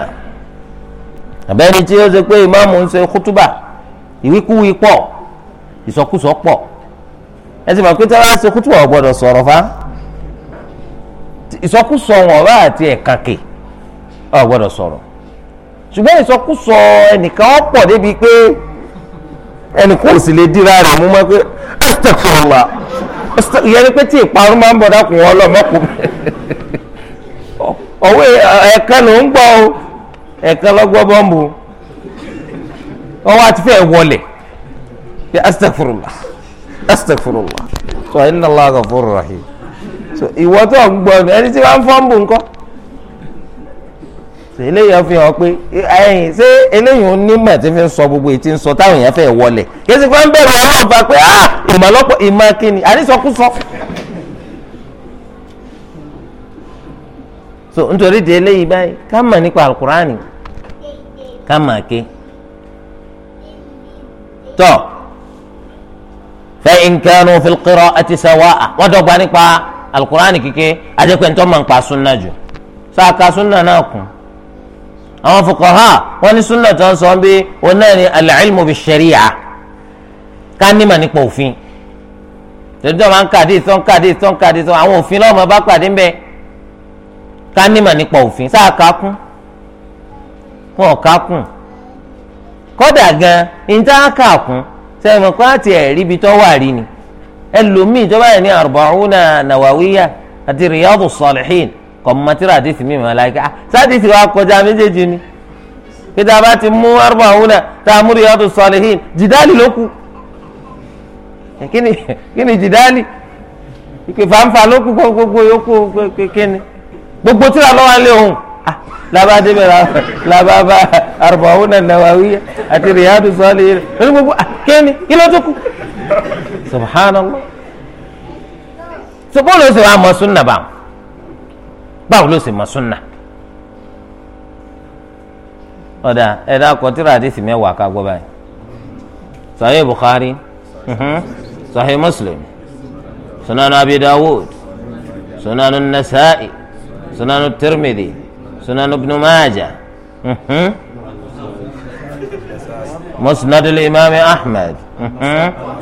àbẹ́ni tí ó ṣe pé ìmáàmù ń ṣe kútúbà ìwíkúwí pọ̀ ìsọkúsọ pọ̀ ẹ ti mọ̀ pé táwọn ṣe kútúbà ò gbọ́dọ̀ sọ̀rọ̀ fa ìsọkúsọ wọn ọ̀rọ̀ àti ẹ̀kàkè ṣùgbọ́n ìsọkúsọ ẹnìkan ọ̀pọ̀ débi pé ẹnìkan ò sì lè dira rẹ̀ mú mọ́ pé astagfirullah ìyẹn ni pé tí ìparun máa ń bọ̀ dákun wọn lọ mọ́kù ọ̀wé ẹ̀ẹ̀kan ló ń gbọ́ o ẹ̀ẹ̀kan lọ́gbọ́ bọ́ǹbù ọwọ́ àti fẹ́ẹ̀ wọlé pé astagfirullah astagfirullah sọ inna Allah ghafurur rahim ìwọ tó ń gbọ́ ẹni tí wọ́n ń fọ́ǹbù ńkọ́. so eléyìí ọ fi hàn pé ẹyìn ṣé eléyìí ò ní mọ̀ tí fi ń sọ gbogbo ètí ń sọ táwọn èèyàn fẹ́ wọlé kéésì pé ń bẹ̀rù ọlọ́run bá pé ah ìmọ̀lọ́pọ̀ ìmọ̀ kíni àníṣọkúsọ. so nítorí di eléyìí báyìí ká mọ̀ nípa alukurani ká mọ̀ ké tọ́ fẹ́ nkanu filkirọ́ àti sawa wọ́n dọ̀gba nípa alukurani kíké adékòyìntàn máa ń pa sunna jù sọ àka sunna náà kùn. àwọn fuqaha wọn ní súnà tó ń sọ bí wọn náà ní al-ilmu bish-shari'a ká nímọ̀ nípa òfin tòdìdọ́ máa ń kàdé ìtàn kàdé ìtàn kàdé ìtàn àwọn òfin lọ́wọ́ máa bá pàdé ń bẹ ká nímọ̀ nípa òfin sáà kákún wọn ò kákún kódà gan níta kákún sẹ́yìn mọ̀kọ́ àti ẹ̀rí ibi tó wà rí ni ẹlòmíì tó báyìí ní arba'una nawawiyya àti riyadu salihin kọ mọ tíra àdìsí mi máa láyé ká sádìsí wa kọjá méjèèjì ni pété abá ti mú arúgbó àwọn náà tá a mú Riyadu Salihin jìdálì ló kù kíni kíni jìdálì ìpè fanfa ló kù gbogbo yòókù kíni gbogbo tíra lọ́wọ́ lé òun laba ah, débẹ̀ laba bá arúgbó àwọn náà Nawawiya àti Riyadu Salihin lórí gbogbo ah, kíni kí ló tó kù subhanallah sọ bọ́ọ̀lù ó sì mọ̀ sún nàbà. báwo ló sì mọ súnà ọ̀dà ẹ̀dá akọ̀tìrà àdìsí mẹ́wàá ká gbọ́ báyìí sahih bukhari sahih muslim sunan abi dawud sunan nasa'i sunan tirmidhi sunan ibn majah مسند الإمام أحمد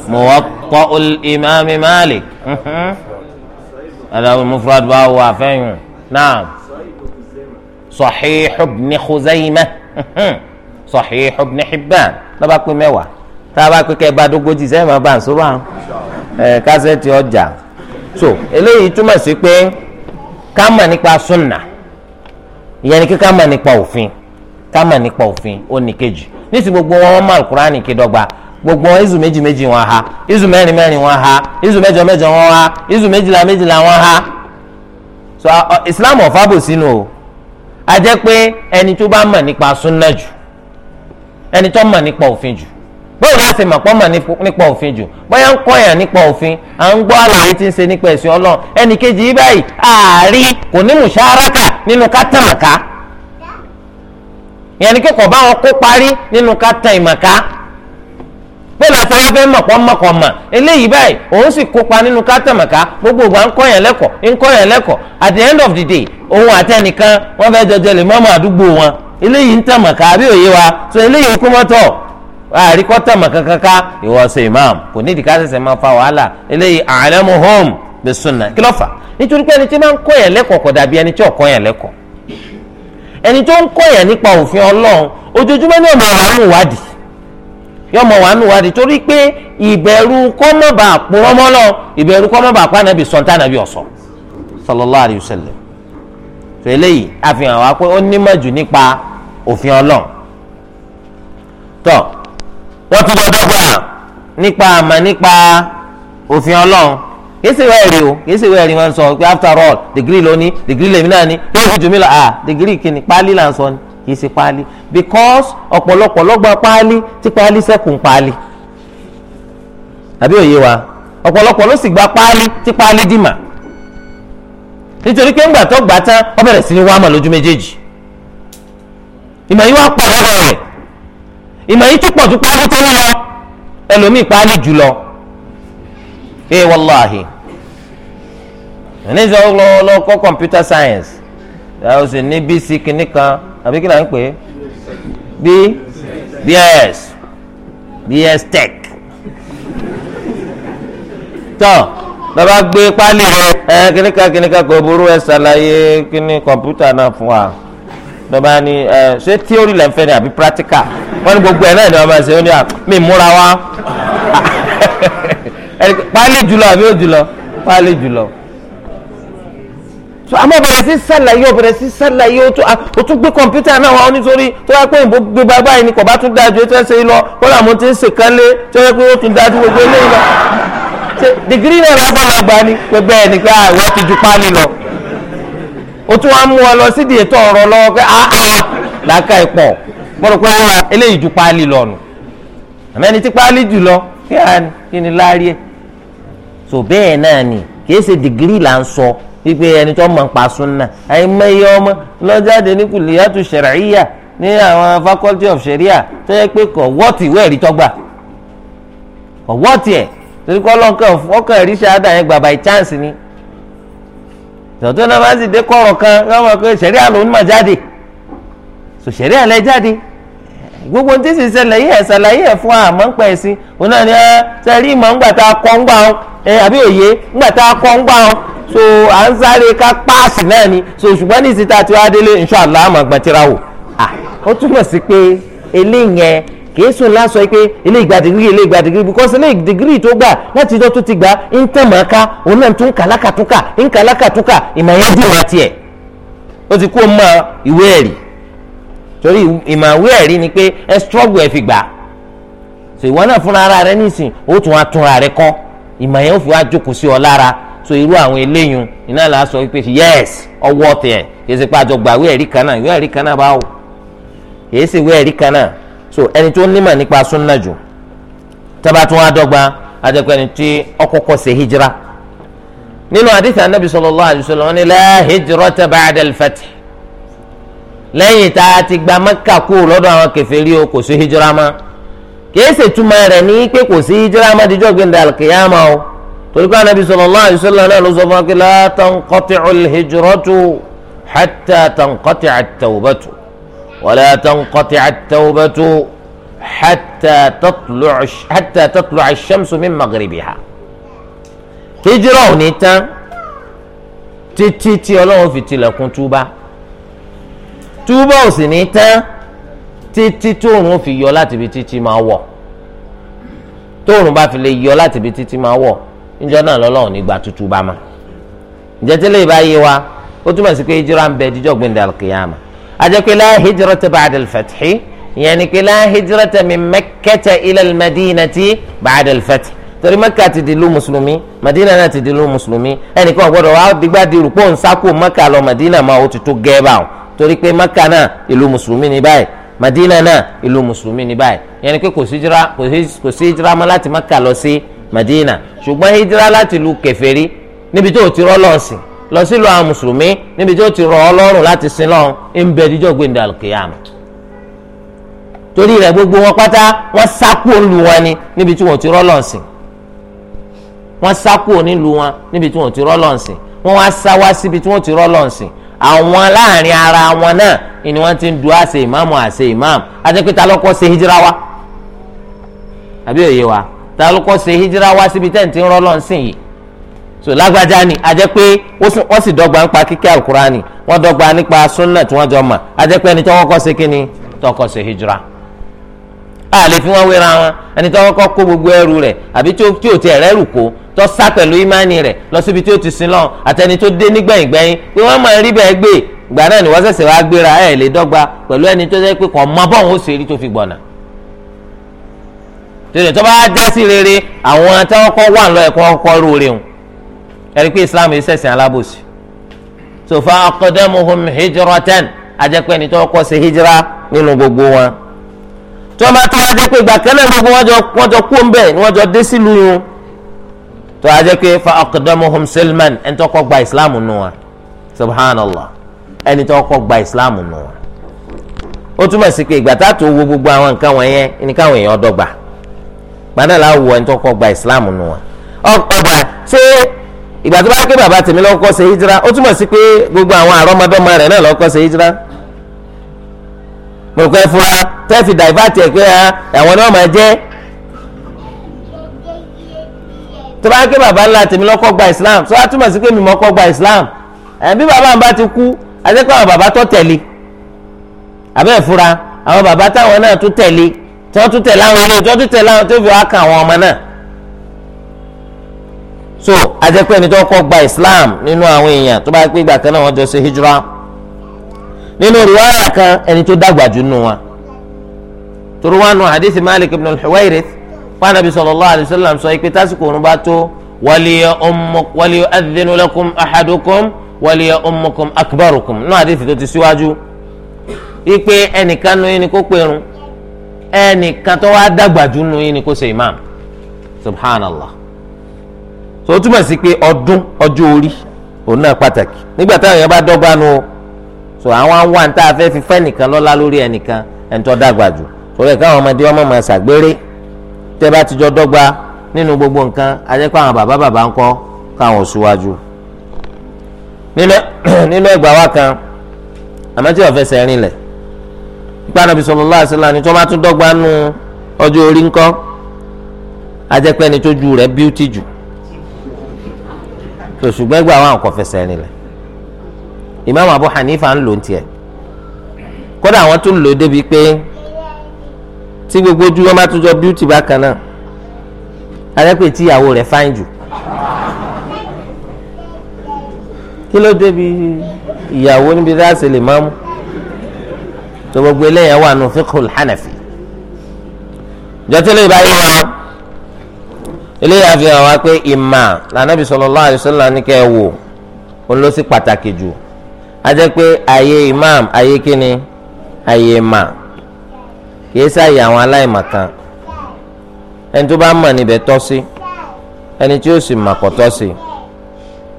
موطأ الإمام مالك هذا المفرد باو وافعين naam sọ̀híhù ibn Khuzaymah hmm. sọ̀híhù ibn Hibban lọ́ba pé mẹ́wàá tá a bá pé kẹ́ẹ́ bá dógójì sẹ́yìn máa bá ń sọ́wọ́ àwọn kásẹ̀tì ọjà so eléyìí túmọ̀ sí pé ká mọ̀ nípa súnà ìyẹn ni kí ká mọ̀ nípa òfin ká mọ̀ nípa òfin ó ní kejì nísì gbogbo wọn wọn mọ alukurani kedọgba gbogbo izu méjì méjì wọn ha izu mẹ́rin mẹ́rin wọn ha izu mẹ́jọ mẹ́jọ wọn ha izu méjìlá méjìlá wọn ha so uh, uh, islam ọ̀fàbò sínú o a jẹ́ pé ẹni tó bá mọ̀ nípa súnà jù ẹni tó mọ̀ nípa òfin jù báwo la ṣe mọ̀ pọ́ mọ̀ nípa òfin jù bóyá ń kọ́yàn nípa òfin à ń gbọ́ àlàyé tí ń ṣe nípa ẹ̀sìn ọlọ́run ẹnì kejì yìí báyìí ààrí kò ní mùsáraka nínú ká tàn ìyẹn ni kíkọ̀ bá wọn kó parí nínú ká tàn bóyá àti wá fẹ́ mọ̀ pọ́n mọ̀kàn mà eléyìí báyìí òun sì kópa nínú kátàmọ̀ká gbogbo ìgbà ń kọ́yàn lẹ́kọ̀ọ́ ń kọ́yàn lẹ́kọ̀ọ́ at the end of the day òun àtẹnìkan wọ́n fẹ́ jọjọ lè mọ́mọ́ àdúgbò wọn eléyìí ń tàmọ̀ká àbí òye wa so eléyìí kú mọ́tọ̀ àríkọ́ tàmọ̀ká kankan ìwọ ṣe imam kò nídìí ká ṣẹ̀ṣẹ̀ máa fa wàhálà eléyìí a'lamuhum bisunna kí ló fà nítorí pé ẹni tí máa ń kọ́yàn lẹ́kọ̀ọ́ kò dàbí ẹni tí ò kọ́yàn lẹ́kọ̀ọ́ ẹni tó ń kọ́yàn nípa òfin ọlọ́run ojoojúmọ́ ní ọ̀nà àwọn ìwádìí yọ mọ wàá nù wádìí torí pé ìbẹ̀rù kọ́mọ̀bà pọ́nmọ́ lọ ìbẹ̀rù kọ́mọ̀bà pànàbì sọ̀tà nàbì ọ̀sọ̀ sallallahu alayhi wa sallam tó eléyìí àfihàn wa pé ó nímọ̀ jù nípa òfin ọlọ́run tó wọ́n tún lọ́dọ́ gbà nípa àmà nípa òfin ọlọ́run kìí ṣe wẹ́ẹ̀rì o kìí ṣe wẹ́ẹ̀rì wọn sọ pé after all degree ló ní degree lèmi náà ní lóògùn jùmí lọ à ah, degree kìíní pálí là ń sọ ni kì í ṣe páálí because ọ̀pọ̀lọpọ̀ lọ́gbà páálí tí páálí sẹ́kùn páálí àbí òye wa ọ̀pọ̀lọpọ̀ ló sì gba páálí tí páálí dìmà nítorí pé ńgbà tó gbà tán ó bẹ̀rẹ̀ sí ní wàhámà lójú méjèèjì ìmọ̀ yìí wá pọ̀ lọ́rọ̀ rẹ̀ ìmọ̀ yìí tún pọ̀ ju páálí tó ń lọ ẹlòmíì páálí jùlọ ee wàláhì ẹni sọ lọ lọ kọ́ computer science ẹ o sì ní bc kìnnìkan àbí kí là ń pè é b bs bs tech tọ́ lọ́ba gbé pálí rẹ ẹ kíníkà kíníkà kò burú ẹ ṣàlàyé kíní kọ̀ǹpútà náà fún wa lọ́ba ni ẹ ṣé tíórì lẹ́ ń fẹ́ ni àbí pírátíkà wọ́n ní gbogbo ẹ̀ náà ni wọ́n máa ṣe ó ní à mí múra wá pálí jùlọ àbí ó jùlọ pálí jùlọ so àmọ́ bẹ̀rẹ̀ sí sàlàyé ó bẹ̀rẹ̀ sí sàlàyé ó tún gbé kọ̀ǹpútà náà wá nítorí tó yẹ pé òyìnbó gbé bàbá yìí ni kò bá tún dájú tó yẹ ṣe lọ kọ́lá mo ti ń ṣèkánlé tó yẹ pé ó tún dájú gbogbo eléyìí lọ ṣe dìgírì náà lábọ́ máa gbà ní pé bẹ́ẹ̀ ah, ni pé àìwọ́ ti ju páálí lọ ó tún wá mú ọ lọ sídìí ètò ọ̀rọ̀ lọ́wọ́ pé áá ah, ah, làákà ìpọ̀ gbọ́dọ̀ pé wọ́n eléyìí ju páálí lọ nù àmẹ́ni tí páálí jù lọ kí ni láárí ẹ̀ so bẹ́ẹ̀ náà ni wípé ẹni tó mọ̀ ń pa ọmọ lọ́jáde ní ní àwọn faculty of ṣẹ̀ríyà tó yẹ pé by chance ni tọ́tún náà bá sì dé kọ̀rọ̀ kan yọ pé ṣẹ̀ríyà ló ń jáde so lẹ jáde gbogbo ṣẹlẹ̀ yìí ẹ̀ ẹ̀ fún àmọ́ ń pẹ́ sí òun náà ni ah, a kọ́ ńgbà ọ ẹ àbí òye ńgbà tá a kọ́ ńgbà so à ń sáré ká páàsì náà ni so ṣùgbọ́n ní ìsìta tí wàá délé inṣàlá àmọ́ gbàtìrà wò ó túmọ̀ sí pé eléyẹn kìí sùn lásọ pé ilé ìgbà dìgírì ilé ìgbà dìgírì because ilé dìgírì tó gbà láti ijọ́ tó ti gbà ń tàn máa ká òun náà tún kàlákàtúnkà ń kàlákàtúnkà ìmọ̀ yẹn dùn wá tiẹ̀ ó ti kó mọ ìwé ẹ̀rí torí ìmọ̀ ìwé ẹ̀rí ni pé ẹ struggle ẹ fi gbà so ìwọ náà fúnra ara rẹ nísìn ó tún wá túnra rẹ kọ́ ìmọ̀ yẹn ó fi wá jókòó sí ọ lára so irú àwọn eléyìí iná là á sọ wípé yes ọwọ́ tẹ̀ kì í ṣe pé àjọgbà ìwé ẹ̀rí kan náà ìwé ẹ̀rí kan náà báwo kì í ṣe ẹ̀rí kan náà so ẹni tó nímọ̀ nípa súnà jù tẹ́bà tún á dọ́gba àjẹpẹ́ ẹni tí ọkọ̀kọ̀ ṣe hijira nínú àdìsí anábì sallallahu alaihi wasallam ní la hijrata ba'da al-fath lẹ́yìn tá a ti gba mẹ́kà kú lọ́dọ̀ àwọn kèfèrí o kò sí hijira mọ́ kìí ṣètúmọ̀ rẹ̀ ní pé kò sí hijira mọ́ díjọ́ gbẹ̀ndà o torí pé anabi sallallahu alaihi wasallam náà ló sọ fún wa pé la tanqati'ul hijratu hatta tanqati'a tawbatu wala tanqati'a tawbatu hatta tatlu'a hatta tatlu'a ash-shamsu min maghribiha hijira ò ní tán títí tí ọlọ́run fi tilẹ̀kùn túbá túbá ò sì ní tán títí tóòrùn fi yọ láti ibi títí máa wọ̀ tóòrùn bá fi lè yọ láti ibi títí máa wọ̀ níjọ́ náà lọ́lọ́run nígbà tútù bá ma ǹjẹ́ tẹ́lẹ̀ bá yé wa ó túmọ̀ sí pé hijira ń bẹ díjọ́ gbẹ̀ndẹ̀ alkiyama ajẹ́ pé la hijrata ba'da al-fathi ìyẹn ni pé la hijrata min makkata ila al-madinati ba'da al-fathi torí mẹ́kà ti di ìlú mùsùlùmí madina náà ti di ìlú mùsùlùmí ẹnìkan gbọ́dọ̀ wà á digbá di rúpọ̀ nsákò mẹ́kà lọ madina máa ó ti tó gẹ́ẹ́bà o torí pé mẹ́kà náà ìlú mùsùlùmí ni báyìí madina náà ìlú mùsùlùmí ni báyìí yẹn ni pé kò sí hijira kò sí hijira mọ́ láti mẹ́kà lọ sí Madina ṣùgbọ́n hijira láti lu kèfèrí níbi tó ti rọ́ lọ́ọ̀sìn lọ sílùú àwọn mùsùlùmí níbi tó ti rọ̀ ọlọ́run láti sin ń bẹ díjọ́ gbẹ̀ndà torí gbogbo wọn pátá wọn ni níbi tí wọ́n ti rọ́ lọ́ọ̀sìn wọ́n sákú wọn níbi tí wọ́n ti rọ́ ara wọn náà ni wọ́n ti ń du ìmáàmù ìmáàmù hijira wa ta ló kọ́ ṣe hijira wá síbi tẹ́ǹtì ń rọ́lọ́ ń sìn yìí so lágbájá ni a jẹ́ pé wọ́n sì dọ́gba nípa kíkẹ́ alukurani wọ́n dọ́gba nípa sunna tí wọ́n jọ mọ̀ a jẹ́ pé ẹni tó kọ́kọ́ ṣe kíni tó kọ́ ṣe hijira a lè fi wọn wéra wọn ẹni tó kọ́kọ́ kó gbogbo ẹrù rẹ̀ àbí tí ò tiẹ̀ rẹ́rù kó tó sá pẹ̀lú ìmánì rẹ̀ lọ síbi tí ó ti sin lọ àtẹni tó dé nígbẹ̀yìn gbẹ̀yìn pé wọ́n máa rí bẹ́ẹ̀ gbé ìgbà náà ni wọ́n ṣẹ̀ṣẹ̀ wá gbéra ẹ̀ lè dọ́gba pẹ̀lú ẹni tó jẹ́ pé kò mọ bọ́ọ̀n ó ṣe rí tó fi gbọ̀nà tòlè tó bá já sí rere àwọn àtàwọkọ wà lọ ẹkọ ọkọ rúure o ẹni pé islam yìí ṣẹ̀sìn alábòsí sofa aqdamuhum hijratan ajẹpẹ ẹni tó kọ sí hijira nínú gbogbo wọn tí wọn bá tó wá jẹ pé ìgbà kẹlẹ gbogbo wọn jọ wọn jọ kú mbẹ ni wọn jọ dé sílùú yìí tó wá pé fa aqdamuhum silman ẹni tó gba islam nù wọn subhanallah ẹni tó kọ gba islam nù wọn ó túmọ̀ sí pé ìgbà tá a tó wo gbogbo àwọn nǹkan wọ̀nyẹn ní èèyàn dọ́gba gbaná la wọ ẹni tó kọ́ gba islam nù wọn. ọba ṣé ìgbà tó bá ké bàbá tèmi lọ́kọ́ ṣe hijira ó túmọ̀ sí pé gbogbo àwọn àrọ́mọdọ́mọ rẹ̀ náà lọ́kọ́ ṣe hijira. mo rò pé fúra tẹ́ẹ̀fì dàìfàtì ẹ̀ pé ah, àwọn ni wọ́n máa jẹ́. tó bá ké bàbá ńlá tèmi lọ́kọ́ gba islam sọ wá túmọ̀ sí pé mi mọ́kọ́ gba islam bí bàbá mi bá ti kú àti pé àwọn bàbá tó tẹ̀lé àbẹ́ ìfura àwọn bàbá táwọn náà tó tẹ̀lé tí wọ́n tún tẹ̀ láwọn ilé tí wọ́n tún tẹ̀ láwọn tó fi wá kan àwọn ọmọ náà so ajẹ́pẹ́ ẹni tó kọ́ gba Islam nínú àwọn èèyàn tó bá pé ìgbà kan náà wọ́n jọ ṣe hijra nínú riwaya kan ẹni tó dàgbà jù nù wọn torí wọn nù hadithi Malik ibn al-Huwayrith wọn Nabi sallallahu alayhi wa sallam sọ pé tásìkò òun bá tó wàlíyà adhinu lakum ahadukum wàlíyà ummukum akbarukum nù hadithi tó ti síwájú wípé ẹnìkan nù yín ni kó pèrún ẹnìkan tó wá dàgbà jù nù yín ni kó ṣe imam subhanallah so ó túmọ̀ sí pé ọdún ọjọ́ orí òun náà pàtàkì nígbà táwọn èèyàn bá dọ́gba nu o so àwọn wà ń tá a fẹ́ fi fẹ́ nìkan lọ́lá lórí ẹnìkan ẹni tó dàgbà jù torí ẹ̀ka àwọn ọmọdé ọmọ màá ṣàgbére tẹ́ bá ti jọ dọ́gba nínú gbogbo nǹkan ajẹ́pọ̀ àwọn bàbá bàbá ń kọ́ káwọn síwájú nínú ẹgbàá wa kan àmọ́ tí wọ́n fẹsẹ̀ rinlẹ̀ ìpá nàbì sallallahu alaihi wasallam ni tó bá tún dọ́gba nù ọjọ́ orí ńkọ́ ajẹ́pẹ́ ni tó ju rẹ̀ bíútì jù tó ṣùgbọ́n ẹgbẹ́ àwọn kò fẹsẹ̀ Abu Hanifa ń lò ń tiẹ̀ kódà àwọn tún lò débi pé tí gbogbo ojú wọn bá tún jọ bíútì bákan náà ajẹ́pẹ́ tí ìyàwó rẹ̀ fáìn jù kí ló débi ìyàwó níbi dáhà sí lè tó gbogbo eléyà wà nù fiqhul hanafi jọtẹlẹ ìbáyé wọn eléyà fi hàn wá pé ìmà lànàbì sallallahu alaihi wasallam ní kẹ́ ẹ wò ó ló sì pàtàkì jù a jẹ́ pé àyè imam àyè kíni àyè ìmà kìí sáàyè àwọn aláìmọ̀kan ẹni tó bá mọ̀ níbẹ̀ tọ́ sí ẹni tí ó sì mọ̀ kọ́ tọ́ sí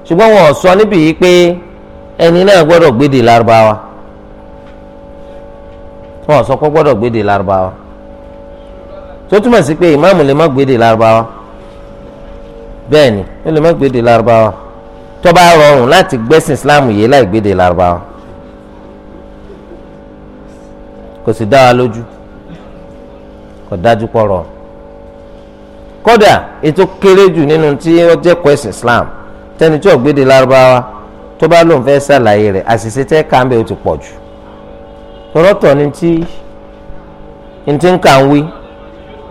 ṣùgbọ́n wọn sọ níbi yìí pé ẹni náà gbọ́dọ̀ gbédè lárúbáwá tí wọ́n sọ pé gbọ́dọ̀ gbédè lárúbáwá tó túmọ̀ sí pé ìmáàmù lè má gbédè lárúbáwá bẹ́ẹ̀ ni ó lè má gbédè lárúbáwá tó bá rọrùn láti gbẹ́sìn islam yìí láì gbédè lárúbáwá kò sì dá wa lójú kò dájú pọ̀ rọrùn kódà ètò kéré jù nínú tí ó jẹ́ kwẹ́sìn islam tẹni tí ò gbédè lárúbáwá tó bá lóun fẹ́ ṣàlàyé rẹ̀ àṣìṣe tẹ́ kàmbẹ́ ó ti pọ̀ jù tọrọtọ ni ti n ti ń kà ń wí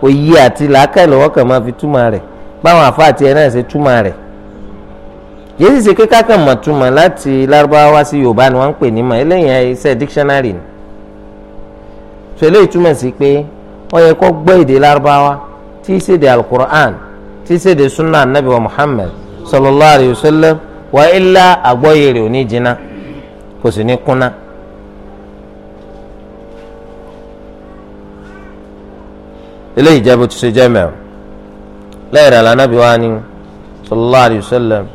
òye àti làákàyè lọ́wọ́ kan máa fi túmọ̀ rẹ̀ báwọn àfa àti ẹ̀ náà ṣe túmọ̀ rẹ̀ yéésì ṣe kíkà kan mọ̀ túmọ̀ láti lárúbáwá wá sí yorùbá ni wọ́n ń pè ní mọ̀ eléyìí iṣẹ́ dictionary ni so eléyìí túmọ̀ sí pé wọ́n yẹ kó gbọ́ èdè lárúbáwá tí í ṣèdè alukur'an tí í ṣèdè sunna anabi wa muhammad sallallahu alayhi wa sallam wa illa àgbọ́yé rẹ̀ ò ní jìnnà kò sì ní kúnná. eléyìí jẹ́ bó ti ṣe jẹ́ mẹ́rin lẹ́yìn rẹ̀ lànàbí wa ni sallallahu alayhi wa sallam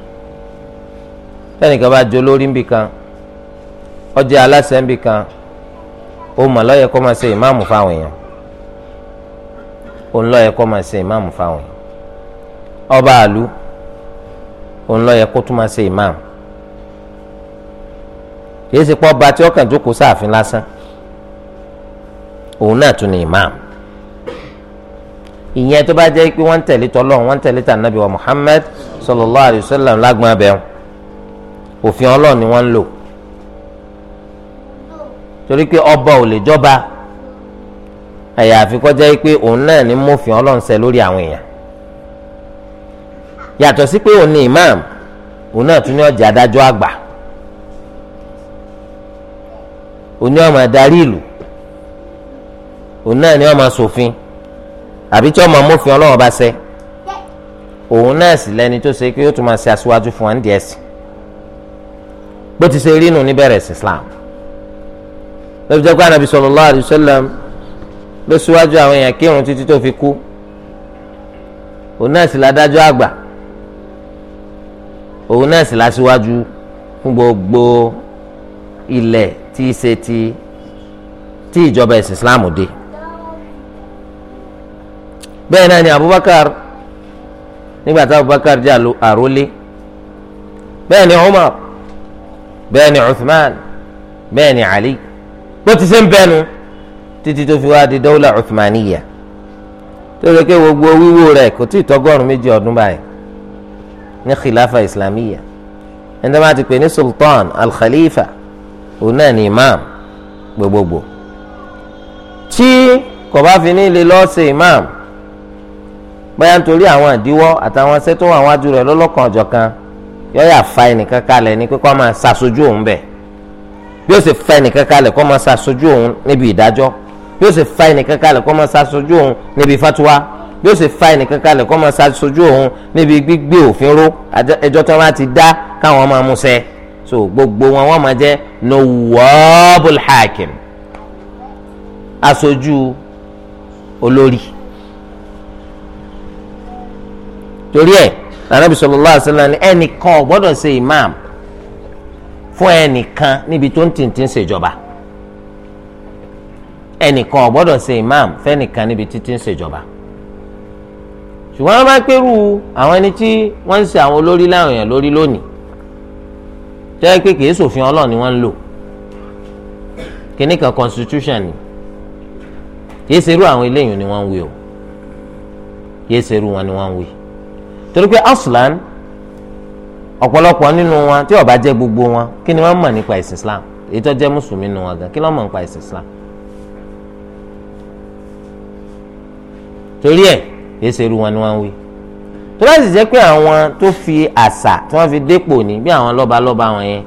tẹ́nìkan bá jẹ́ olórí nbì kan ó jẹ́ aláṣẹ nbì kan ó mọ̀ lọ́yẹ̀ kó máa ṣe ìmáàmù fáwọn èèyàn òun lọ́yẹ̀ kó máa ṣe ìmáàmù fáwọn èèyàn ọba àlú òun lọ́yẹ̀ kó tún máa ṣe ìmáàmù kì í ṣe pọ́ ba tí ọkàn jókòó sáàfin lásán òun náà tún ni ìmáàmù ìyẹn tó bá jẹ́ pé wọ́n ń tẹ̀lé tọ́lọ́run wọ́n ń tẹ̀lé tànàbí wa Muhammad sallallahu alayhi wa sallam lágbọ́n abẹ́ wọn òfin ọlọ́run ni wọ́n ń lò torí pé ọba ò lè jọba àyàfi kó jẹ́ pé òun náà ní mòfin ọlọ́run ṣẹ lórí àwọn èèyàn yàtọ̀ sí pé òun ni imam òun náà tún ní ọjà adájọ́ àgbà òun ni ó máa ìlú òun náà ni ó máa àbí tí ọmọ mọ́fin ọlọ́wọ́ bá ṣe òun náà sì lẹni tó ṣe pé ó tún máa ṣe aṣíwájú fún wọn díẹ̀ bó ti ṣe rí nù níbẹ̀rẹ̀ sí Islam lọ́bi jẹ́ pé anabi sallallahu alaihi wasallam ló ṣíwájú àwọn èèyàn kírun títí tó fi kú òun náà sì ládájọ́ àgbà òun náà sì láṣíwájú fún gbogbo ilẹ̀ tí ṣe ti ìjọba ẹ̀sìn Islam dé bẹ́ẹ̀ náà ni abubakar nígbà tí abubakar jẹ́ àrólé bẹ́ẹ̀ ni umar bẹ́ẹ̀ ni uthman bẹ́ẹ̀ ni ali bó ti ṣe ń bẹ́nu títí tó fi wá di dawla uthmaniya tó lè ké gbogbo wíwó rẹ̀ kò tí ì tọ́gọ́rùn méjì ọdún báyìí ní khilafa islamiyya ẹni tó bá ti pè ní sultan al òun náà ni imam gbogbogbò tí kò bá fi ní ilé lọ́ọ̀sẹ̀ imam bóyá nítorí àwọn àdíwọ́ àtàwọn ṣẹ́ tó wà wájú rẹ̀ lọ́lọ́kan ọ̀jọ̀kan yọ̀ọ́yà fa ẹnìkan kalẹ̀ ni pé kó máa ṣàṣojú òun bẹ̀ bí ó sì fa ẹnìkan kalẹ̀ kó máa ṣàṣojú òun níbi ìdájọ́ bí ó sì fa ẹnìkan kalẹ̀ kó máa ṣàṣojú òun níbi fatuwa bí ó sì fa ẹnìkan kalẹ̀ kó máa ṣàṣojú òun níbi gbígbé òfin ró ẹjọ́ tó máa ti dá káwọn máa mú ṣẹ so gbogbo wọn wọn máa jẹ́ nawabul hakim aṣojú olórí. torí ẹ̀ Ànábì sallallahu alaihi wasallam ni ẹnìkan ò gbọ́dọ̀ ṣe imam fún ẹnìkan níbi tó ń tìǹtì ń ṣèjọba ẹnìkan ò gbọ́dọ̀ ṣe imam fẹ́nìkan níbi títí ń ṣèjọba ṣùgbọ́n wọ́n bá pẹ́rù àwọn ẹni tí wọ́n ń ṣe àwọn olórí láwọn èèyàn lórí lónìí tẹ́lẹ̀ pé kìí ṣòfin Ọlọ́run ni wọ́n ń lò kìíní kan constitution ni kìí ṣerú àwọn eléyìí ni wọ́n ń wí o kìí ṣerú wọn ni wọ́n ń wí torí pé aslan ọ̀pọ̀lọpọ̀ nínú wọn tí ó bá jẹ́ gbogbo wọn kí ni wọ́n mọ̀ nípa ẹ̀sìn islam èyí tó jẹ́ mùsùlùmí nínú wọn gan kí ló mọ̀ nípa ẹ̀sìn islam. torí ẹ̀ èsì eru wọn ni wọ́n ń wí tó bá sì jẹ́ pé àwọn tó fi àṣà tí wọ́n fi dépò ní bí àwọn lọ́balọ́ba wọn yẹn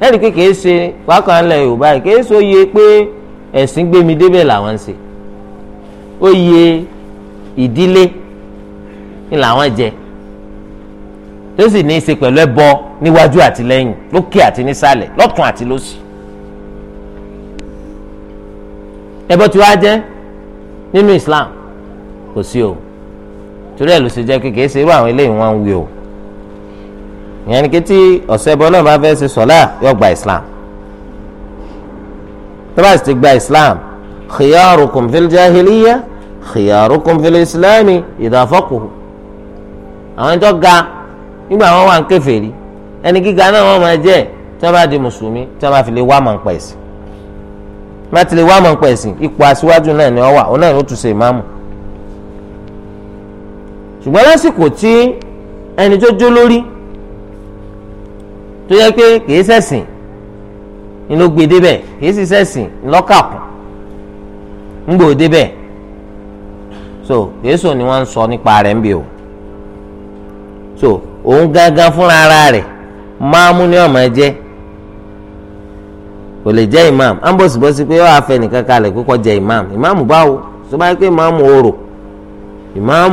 lẹ́yìn pé kìí ṣe wákàn lẹ̀ yorùbá yìí kìí ṣe oyè pé ẹ̀sìn gbémi débẹ̀ làwọn ń ṣe oyè ìdílé ni làwọn jẹ́ tó sì ní í ṣe pẹ̀lú ẹbọ níwájú àti lẹ́yìn lókè àti nísàlẹ̀ lọ́tún àti lósì. ẹbọ tí wàá jẹ́ nínú Islam kò sí o torí ẹ̀ ló ṣe jẹ́ kékeré ṣe irú àwọn eléyìí wọ́n ń wí o ìyẹn ni kétí ọ̀sẹ̀ ẹbọ náà bá fẹ́ ṣe sọ̀lá yóò gba Islam tó ti gba Islam khiyarukum fil jahiliya khiyarukum fil islami idha àwọn ẹni ga nígbà wọn wà ń kèfèrí ẹni gíga náà wọn máa jẹ́ tí wọ́n bá di mùsùlùmí tí wọ́n bá fi lè wá màá pẹ̀sì má ti lè wá màá pẹ̀sì ipò aṣíwájú náà ni wọ́n wà òun náà ló tún ṣe ìmáàmù ṣùgbọ́n lásìkò tí ẹni tó jó lórí tó yẹ pé kìí ṣẹ̀sìn ni ló gbé débẹ̀ kìí sì ṣẹ̀sìn lọ́kàkùn ń gbò débẹ̀ so èso ni wọ́n ń sọ nípa rẹ̀ ń bì o so òun gángan fúnra ara rẹ̀ máàmú ni ọmọ jẹ́ kò lè jẹ́ imam ambosibosi pé ó afẹ́ nìkan kalẹ̀ pé kó jẹ́ imam imam báwo tó bá yẹ pé imam orò imam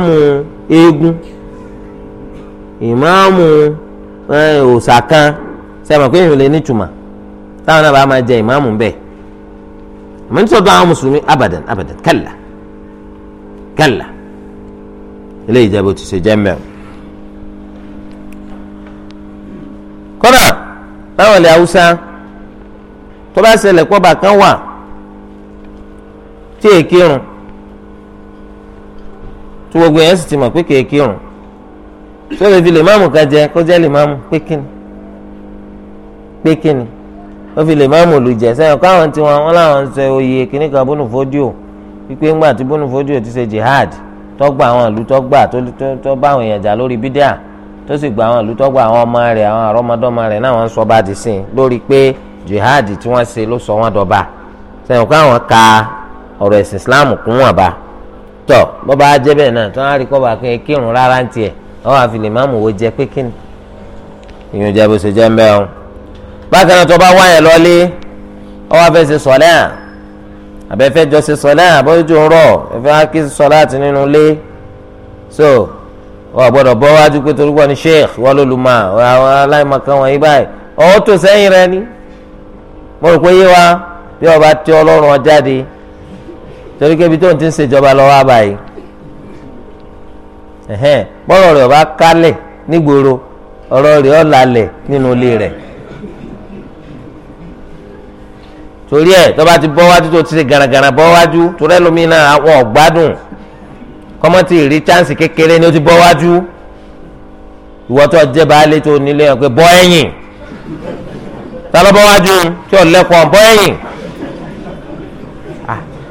eégún imam òsàkan sẹ́mi pé èèyàn lè nítumọ̀ táwọn náà bá máa jẹ́ imam bẹ́ẹ̀ àmọ́ nítorí àwọn mùsùlùmí abadan abadan kalla kalla ilé ìjẹ́bù ti ṣe jẹ́ mẹ́rin. kódà láwọn ilẹ̀ haúsá tó bá ṣẹlẹ̀ pọ́ba kan wà tí èké rùn tí gbogbo yẹn sì ti mọ̀ pé kéèké rùn tó lè fi lè máàmù kan jẹ kó jẹ́ lè máàmù pé kíni pé kíni wọ́n fi lè máàmù olùjẹ sẹ́yìn ọ̀kọ́ àwọn tiwọn wọn láwọn ń sọ oyè kíní kan bónú fódíò wípé ńgbà tí bónú fódíò ti ṣe jihad tọ́gbà àwọn ìlú tọ́gbà tó bá àwọn èèyàn jà lórí bídíà tó sì gba àwọn ìlú tó gba àwọn ọmọ rẹ̀ àwọn àrọ́mọdọ́mọ rẹ̀ náà wọ́n ń sọ bá di sí i lórí pé jihad tí wọ́n ṣe ló sọ wọ́n dọba sẹ́yìn kó àwọn ka ọ̀rọ̀ ẹ̀sìn islam kún wọn bá tọ̀ bọ́ bá jẹ́ bẹ́ẹ̀ náà tó wọ́n á rí kọ́ba kí kírun rárá ń tiẹ̀ wọ́n á fi lè má mú owó jẹ pé kíni ìyún jẹ́ bó ṣe jẹ́ ń bẹ́ ọ́n. bákan náà tó bá wáyẹ̀ lọ́lé ọwọ́ afẹ́ ṣe sọ̀lẹ́ à àbẹ́fẹ́ jọ ṣe sọ̀lẹ́ àbójú ń rọ̀ ẹ̀fẹ́ á kí sọ̀lá àti nínú ilé so wọ́n gbọ́dọ̀ bọ́ wájú pé torí wọ́n ní sheikh wọ́n ló lu ma àwọn aláìmọ̀kan wọ̀nyí báyìí ọ̀hún tó sẹ́yìn rẹ ni mo rò pé yé wa bí ọba tí ọlọ́run ọ jáde torí pé ibi tó ń ti ń ṣèjọba lọ́wọ́ àbáyé bọ́rọ̀ rẹ̀ ọba kálẹ̀ nígboro ọ̀rọ̀ rẹ̀ ọ̀làlẹ̀ nínú ilé rẹ̀ torí ẹ̀ tọ́ba ti bọ́ wájú tó ti ṣe garagara bọ́ wájú torí ẹlòmíràn àwọn ọ̀gbádùn kọ́mọ́ ti rí chance kékeré ni ó ti bọ́ wájú ìwọ tó jẹ́ baálé tó nílé yẹn pé bọ́ ẹ̀yìn ta ló bọ́ wájú tí ò lẹ́kọ̀ọ́ bọ́ ẹ̀yìn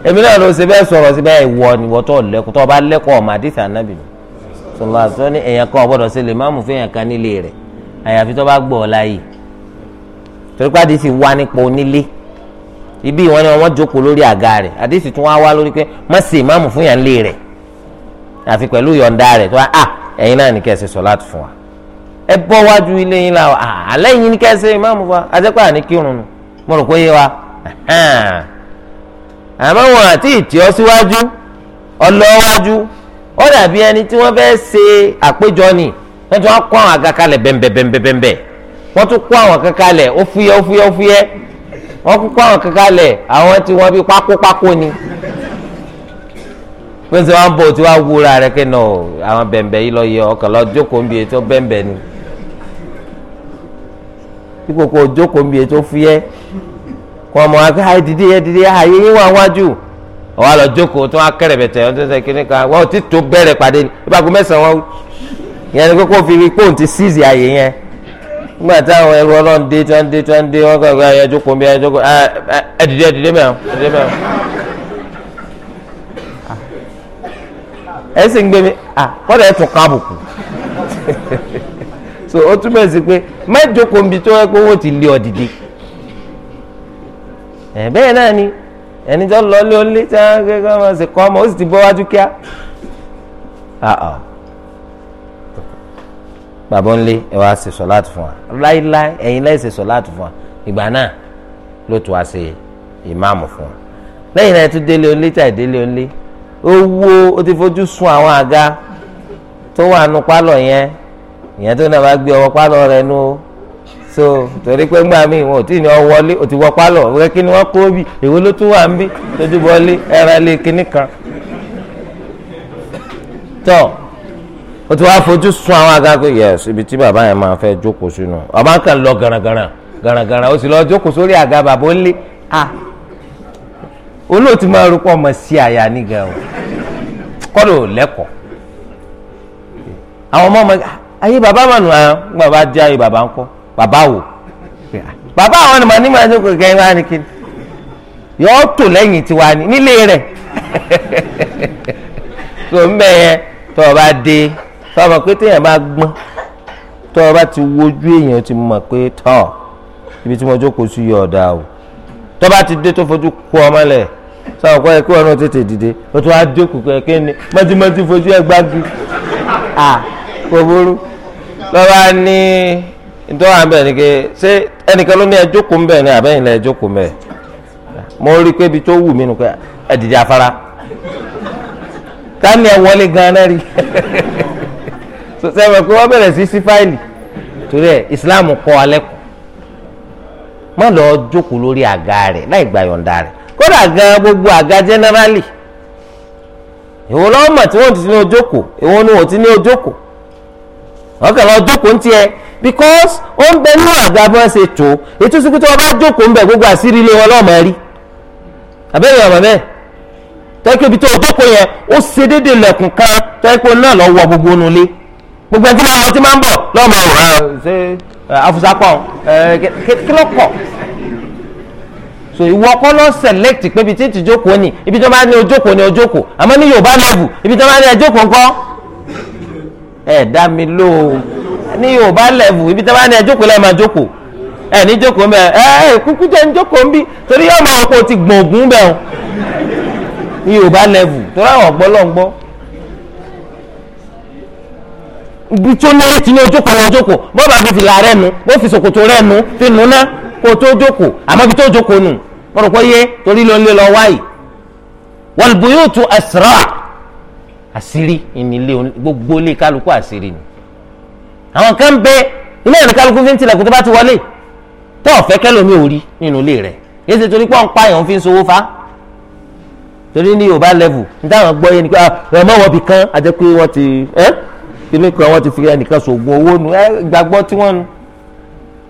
èmi náà ló ṣe bẹ́ẹ̀ sọ̀rọ̀ sí bẹ́ẹ̀ wọ ni ìwọ tó lẹ́kọ̀ọ́ tó bá lẹ́kọ̀ọ́ ọmọ àdìsí ànábì ni sọlá sọ ní èèyàn kan ọ̀gbọ́dọ̀ ṣe lè má mú kan nílé rẹ̀ àyàfi tó bá gbọ́ ọ láàyè torípé àdìsí wà nípa onílé ibi ìwọ ni wọn jókòó lórí àga rẹ̀ àdìsí tún wá wá lórí pé má ṣe má mú fún rẹ̀ àfi pẹ̀lú yọ̀ǹda rẹ̀ tó wá à ah, ẹ̀yin náà ní kẹ́sì sọ̀láàtì fún wa ẹ bọ́ wájú ilé yín la àlẹ́ ah, yín ní kẹ́sì ìmáàmù wa àtẹ́pẹ́ àní kírun mo rò pé yé wa àmọ́ wọn àti ìtì ọ síwájú ọlọ́wájú ó dàbí ẹni tí wọ́n fẹ́ ṣe àpéjọ ni wọ́n tún kó àwọn àga kalẹ̀ bẹ́ẹ̀nbẹ́ẹ̀bẹ́ẹ̀bẹ́ẹ̀ wọ́n tún kó àwọn kan kalẹ̀ ó fúyẹ́ ó fúyẹ́ ó fúyẹ́ wọ́n kó àwọn kan àwọn tí wọ́n bí pákópákó ni pèsè wọn bò tí wọn wúra rẹ kí nà ó àwọn bẹ̀m̀bẹ̀ yìí lọ yẹ ọkàn lọ jókòó nbí ètò bẹ̀m̀bẹ̀ ni tí kòkó jókòó nbí ètò fúyẹ́ kó ọmọ akẹ́ ayé dídí yẹ dídí ayé yín wà wájú ọwọ́ lọ jókòó tó wọn kẹrẹ̀ bẹ̀tẹ̀ ọ̀hún tó sẹ́ kíní kan wọ́n ti tó bẹ̀rẹ̀ pàdé ni ìbá kó mẹ́sàn-án wọn yẹn ni kókó fi pòun ti síìzì ayé yẹn nígbà táwọn ẹrú ọlọ́run dé tí wọ́n dé tí wọ́n dé wọ́n kọ́ ẹ sì ń gbé mi à kọ́dà ẹ̀ tún kábùkù so ó túmọ̀ sí pé mẹ́jọ kò ń bi tó ẹ pé owó ti lé ọ dìde ẹ̀ bẹ́ẹ̀ náà ni ẹni tó lọ lé olé tí wọ́n gbé kọ́ ọmọ sí kọ́ ọmọ ó sì ti bọ́ wájú kíá bàbá ńlé ẹ wá ṣe sọláàtì fún wa láíláí ẹ̀yin láì ṣe sọláàtì fún wa ìgbà náà ló tún wá ṣe ìmáàmù fún wa lẹ́yìn náà ẹ tún délé olé tí àìdélé olé owó o ti fojú sun àwọn àga tó wà nù pálọ̀ yẹn ìyẹn tó náà bá gbé ọwọ́ pálọ̀ rẹ nù o so torí pé ńgbà míì wọn ò tí ì ní ọ wọlé ò ti wọ pálọ̀ wọ́n kí ni wọ́n kó bì èwo ló tún wà ń bí lójú bọ́lé ẹran lè kíní kan tọ́ o ti wá fojú sun àwọn àga pé yes ibi tí bàbá yẹn máa fẹ́ jókòó sínú ọba kan lọ garagara garagara o sì lọ jókòó sórí àga bàbá ó lé ah olóòtú máa rú pọ̀ ọmọ sí àyà ní gan o kọ́dọ̀ lẹ́kọ̀ọ́ àwọn ọmọ ọmọ ayé bàbá mànù àwọn bàbá jẹ́ ayé bàbá ń kọ́ bàbá wò bàbá àwọn ni màá ní màá ní kò gẹ́gẹ́ wá ní kíni yọ̀ọ́ tò lẹ́yìn tiwa ni nílé rẹ̀ tó ń bẹ̀ yẹn tó o bá dé tó o mọ̀ pé téèyàn bá gbọ́n tó o bá ti wojú èèyàn ti mọ̀ pé tọ̀ ibi tí mo jókòó sí yọ̀ o tó o bá ti dé tó fojú kú ọmọ lẹ̀ sáwọn ọkọ yẹ kí wọn náà tètè dìde o tún ni mọtìmọtì fojú ẹ gbági à ní ni ké ṣé ẹnìkan ló ní ẹ jókòó ń bẹ̀ ni àbẹ̀yìn lẹ jókòó ń bẹ̀ mo rí i pé ibi tó wù mí pé ẹ dìde afárá tani ẹ wọlé rí wọ́n Islam kọ́ alẹ́ kù má lọ jókòó lórí àga rẹ̀ láì gbà kódà gan gbogbo àga jẹ́nẹ́rálì ìwọ lọ mọ̀ tí ti ní ojoko. ìwọ ni wọ́n ti ní ojókòó kàn lọ ń because ó ń bẹ nínú àga ṣe tó ètò gbogbo àṣírí ilé wọn rí àbẹ́rẹ́ bẹ́ẹ̀ tẹ́kí ibi o jókòó yẹn ó ṣe déédéé lẹ̀kùn kan tẹ́kí o náà lọ wọ gbogbo ilé gbogbo ẹni tí máa ń bọ̀ lọ́ọ̀mọ́ ṣe so ìwọ kọ́ lọ select pé ibi tí ti jókòó ni ibi tó bá ní ojókòó ni ojókòó àmọ́ ní yorùbá ibi tó bá ní ẹjókòó ńkọ́ ẹ dá mi lóhùn ní yorùbá ibi tó bá ní ẹjókòó lẹ́ẹ̀ máa jókòó ẹ ní jókòó ẹ ẹ kúkú jẹ́ ní torí yóò máa kó o ti gbòògùn o ní yorùbá ibi tó ní ti ní ojú kan lọ́jọ́kọ̀ bó bá fi fìlà rẹ̀ nu bó fi ṣòkòtò rẹ̀ nu fi nu ná kó tó jókòó àmọ́ ibi tó jókòó nù mo rò pé yé torí ló ń lé lọ wáyì wal buyutu asra àṣírí ìnílé gbogbo ilé kálukú àṣírí ni àwọn kan bẹ ilé ìrìn kálukú fi ń tilẹ̀kùn tó bá ti wọlé tó ọ̀fẹ́ kẹlòmí ò rí nínú ilé rẹ̀ yé ṣe torí pọ́n pa èèyàn fi ń sowó fa torí ní yorùbá level ní táwọn gbọ́ yé ni pé ah, ẹ̀ mọ́ wọ́n bì kan àti pé ti ẹ́ kíní kan wọ́n ti fi ẹnìkan sògùn owó nu ẹ gbàgbọ́ tí wọ́n nu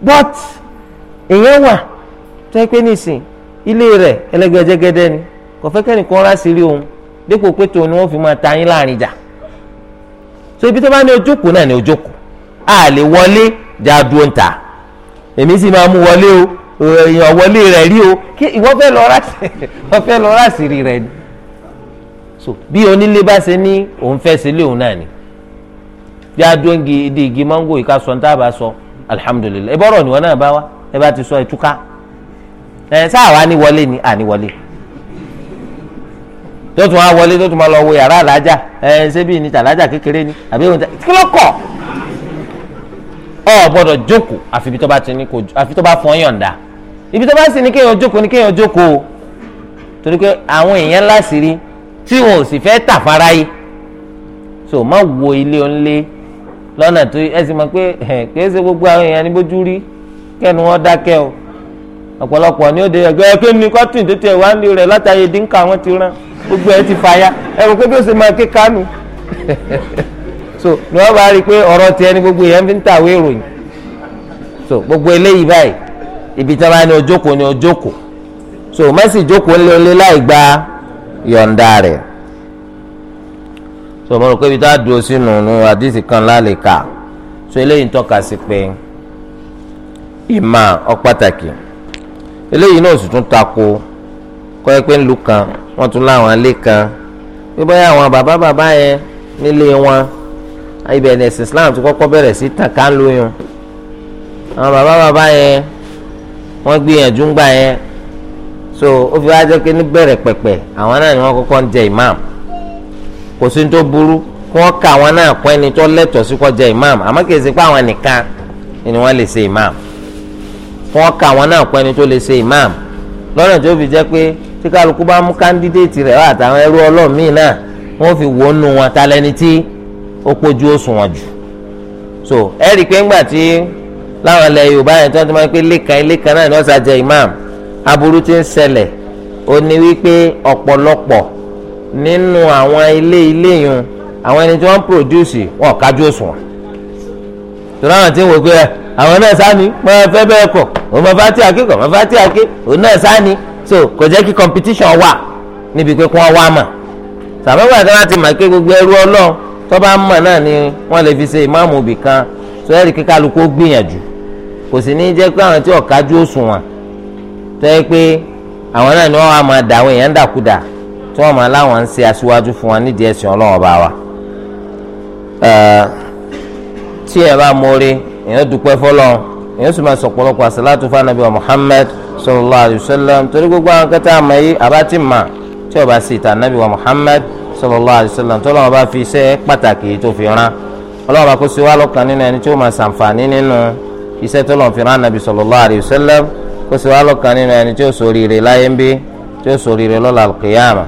but èèyàn wà tó ẹ pé nísìn ilé rẹ̀ ẹlẹ́gbẹ́jẹ́gẹ́dẹ́ ni kò fẹ́ kẹ́nìkan rà sí rí òun dípò pé tòun ni wọ́n fi máa ta yín láàrin jà so ibi tó bá ní ojókòó náà ní ojókòó a lè wọlé já dúró ń ta èmi sì máa mú wọlé o èèyàn wọlé rẹ̀ rí o kí ìwọ fẹ́ lọ rà sí wọ́n fẹ́ lọ rà sí rí rẹ̀ ni so bí onílé bá ṣe ní òun fẹ́ sílé òun náà ni jẹ́ adóńgi ìdí igi mango yìí sonta sọ ní tá a bá sọ alihamudulilayi ìbọ̀rọ̀ ni wọn náà bá wa ẹ ti sọ ìtúká ẹ sáà wá ní wọlé ni à ní wọlé tó tún wá wọlé tó tún máa lọ wo yàrá alájà ẹ ṣébi ní tàlájà kékeré ni àbí ohun kí ló kọ ọ gbọ́dọ̀ jókòó àfi ibi tó bá ti ní kó àfi tó bá fọn yọ̀ǹda ibi tó bá sì ní kéèyàn jókòó ní kéèyàn jókòó torí pé àwọn èèyàn láṣìírí tí wọn ò sì fẹ́ tàfárá yìí so má wo ilé onílé lọ́nà tó ẹ sì mọ̀ pé kìí ṣe gbogbo àwọn èèyàn ní bójú rí kẹ́nu wọn dákẹ́ o ọ̀pọ̀lọpọ̀ ni ó de ẹgbẹ́ kí ni kọ́tùn tó tiẹ̀ wá ń lè rẹ̀ látàyè dínkà wọn ti rán gbogbo ẹ ti fàya ẹ rò pé bí ó ṣe máa ké kánú so ni wọ́n bá rí i pé ọ̀rọ̀ tiẹ̀ ni gbogbo èèyàn fi ń tàwé ìròyìn so gbogbo eléyìí báyìí ibi tí wọ́n bá ní ojókòó ni ojókòó so mẹ́sì jókòó ńlẹ́ ńlẹ́ láì gba yọ̀ǹda rẹ̀ so mo rò pé ibi tá a dúró sínú nu àdìsí kan lálẹ́ kà so eléyìí ń tọ́ka sí pé ìmà ọ̀pàtàkì eléyìí náà sì tún tako kọ́ ẹ pé ńlu kan wọ́n tún láwọn ilé kan pé bóyá àwọn bàbá bàbá yẹn nílé wọn ibẹ̀ ní ẹ̀sìn Islam ti kọ́kọ́ bẹ̀rẹ̀ sí tàn ká lóyún àwọn bàbá bàbá yẹn wọ́n gbìyànjú ńgbà yẹn so ó fi wá jẹ́ pé ní bẹ̀rẹ̀ pẹ̀pẹ̀ àwọn náà ni wọ́n kọ́kọ́ ń jẹ imam kò sí tó burú kí wọ́n ka àwọn náà pọ́n ẹni tó lẹ́tọ̀ọ́ sí kó jẹ́ imam àmọ́ kì í ṣe pé àwọn nìkan ni wọ́n lè ṣe imam kí wọ́n ka àwọn náà pọ́n ẹni tó lè ṣe imam lọ́nà tó fi jẹ́ pé tí kálukú bá mú kándídéètì rẹ̀ wá àtàwọn ẹrú ọlọ́run míì náà wọ́n fi wò ó nu wọn ta lẹni tí ó pójú òṣùwọ̀n jù so ẹ rí i pé ńgbà tí láwọn ilẹ̀ yorùbá yẹn tí wọ́n ti pé lẹ́kan lẹ́kan náà ni wọ́n ṣàjẹ́ imam aburú ti ń ṣẹlẹ̀ ó ní wípé ọ̀pọ̀lọpọ̀ nínú àwọn ilé ilé yun àwọn ẹni tí wọ́n ń produce wọn kájú òṣùwọ̀n tòun àwọn tí ń wò pé eh, àwọn náà sáni mọ ẹfẹ bẹ́ẹ̀ kọ òun mọ fati àké kọ mọ fati àké òun náà sáni so kò jẹ́ kí competition wà níbi pé kí wọ́n wá mà sàmúgbà tí wọ́n ti mà ké gbogbo ẹrú ọlọ́run tó bá ń mọ̀ náà ni wọ́n lè fi ṣe ìmáàmù ibì kan tó ẹ̀rí kí kálukú gbìyànjú kò sì ní jẹ́ pé àwọn tí ọ̀kájú òṣùwọ̀n tó yẹ pé àwọn náà ni wọ́n wá máa dà àwọn èèyàn dàkúdà tí wọ́n máa láwọn ń ṣe aṣíwájú fún wa nídìí ẹ̀sìn ọlọ́run ọba wa tí ẹ bá mórí èèyàn dúpẹ́ fọlọ́n èèyàn sì máa sọ pọ̀lọpọ̀ àṣàlátù fanabi Muhammad sallallahu alayhi wa sallam torí gbogbo àwọn kẹta àmọ́ yìí àbátì mà tí ọba sì ta nabi wa Muhammad sallallahu alayhi wa sallam tí ọlọ́run bá fi iṣẹ́ pàtàkì tó fi rán ọlọ́run bá kó sí wa lọ́kàn nínú ẹni tí ó máa ṣàǹfààní nínú iṣẹ́ tó lọ́n fi rán nabi sallallahu alayhi wa sallam kó sí wa lọ́kàn nínú ẹni tí ó ṣoríire láyé ń bí tí ó ṣoríire lọ́la al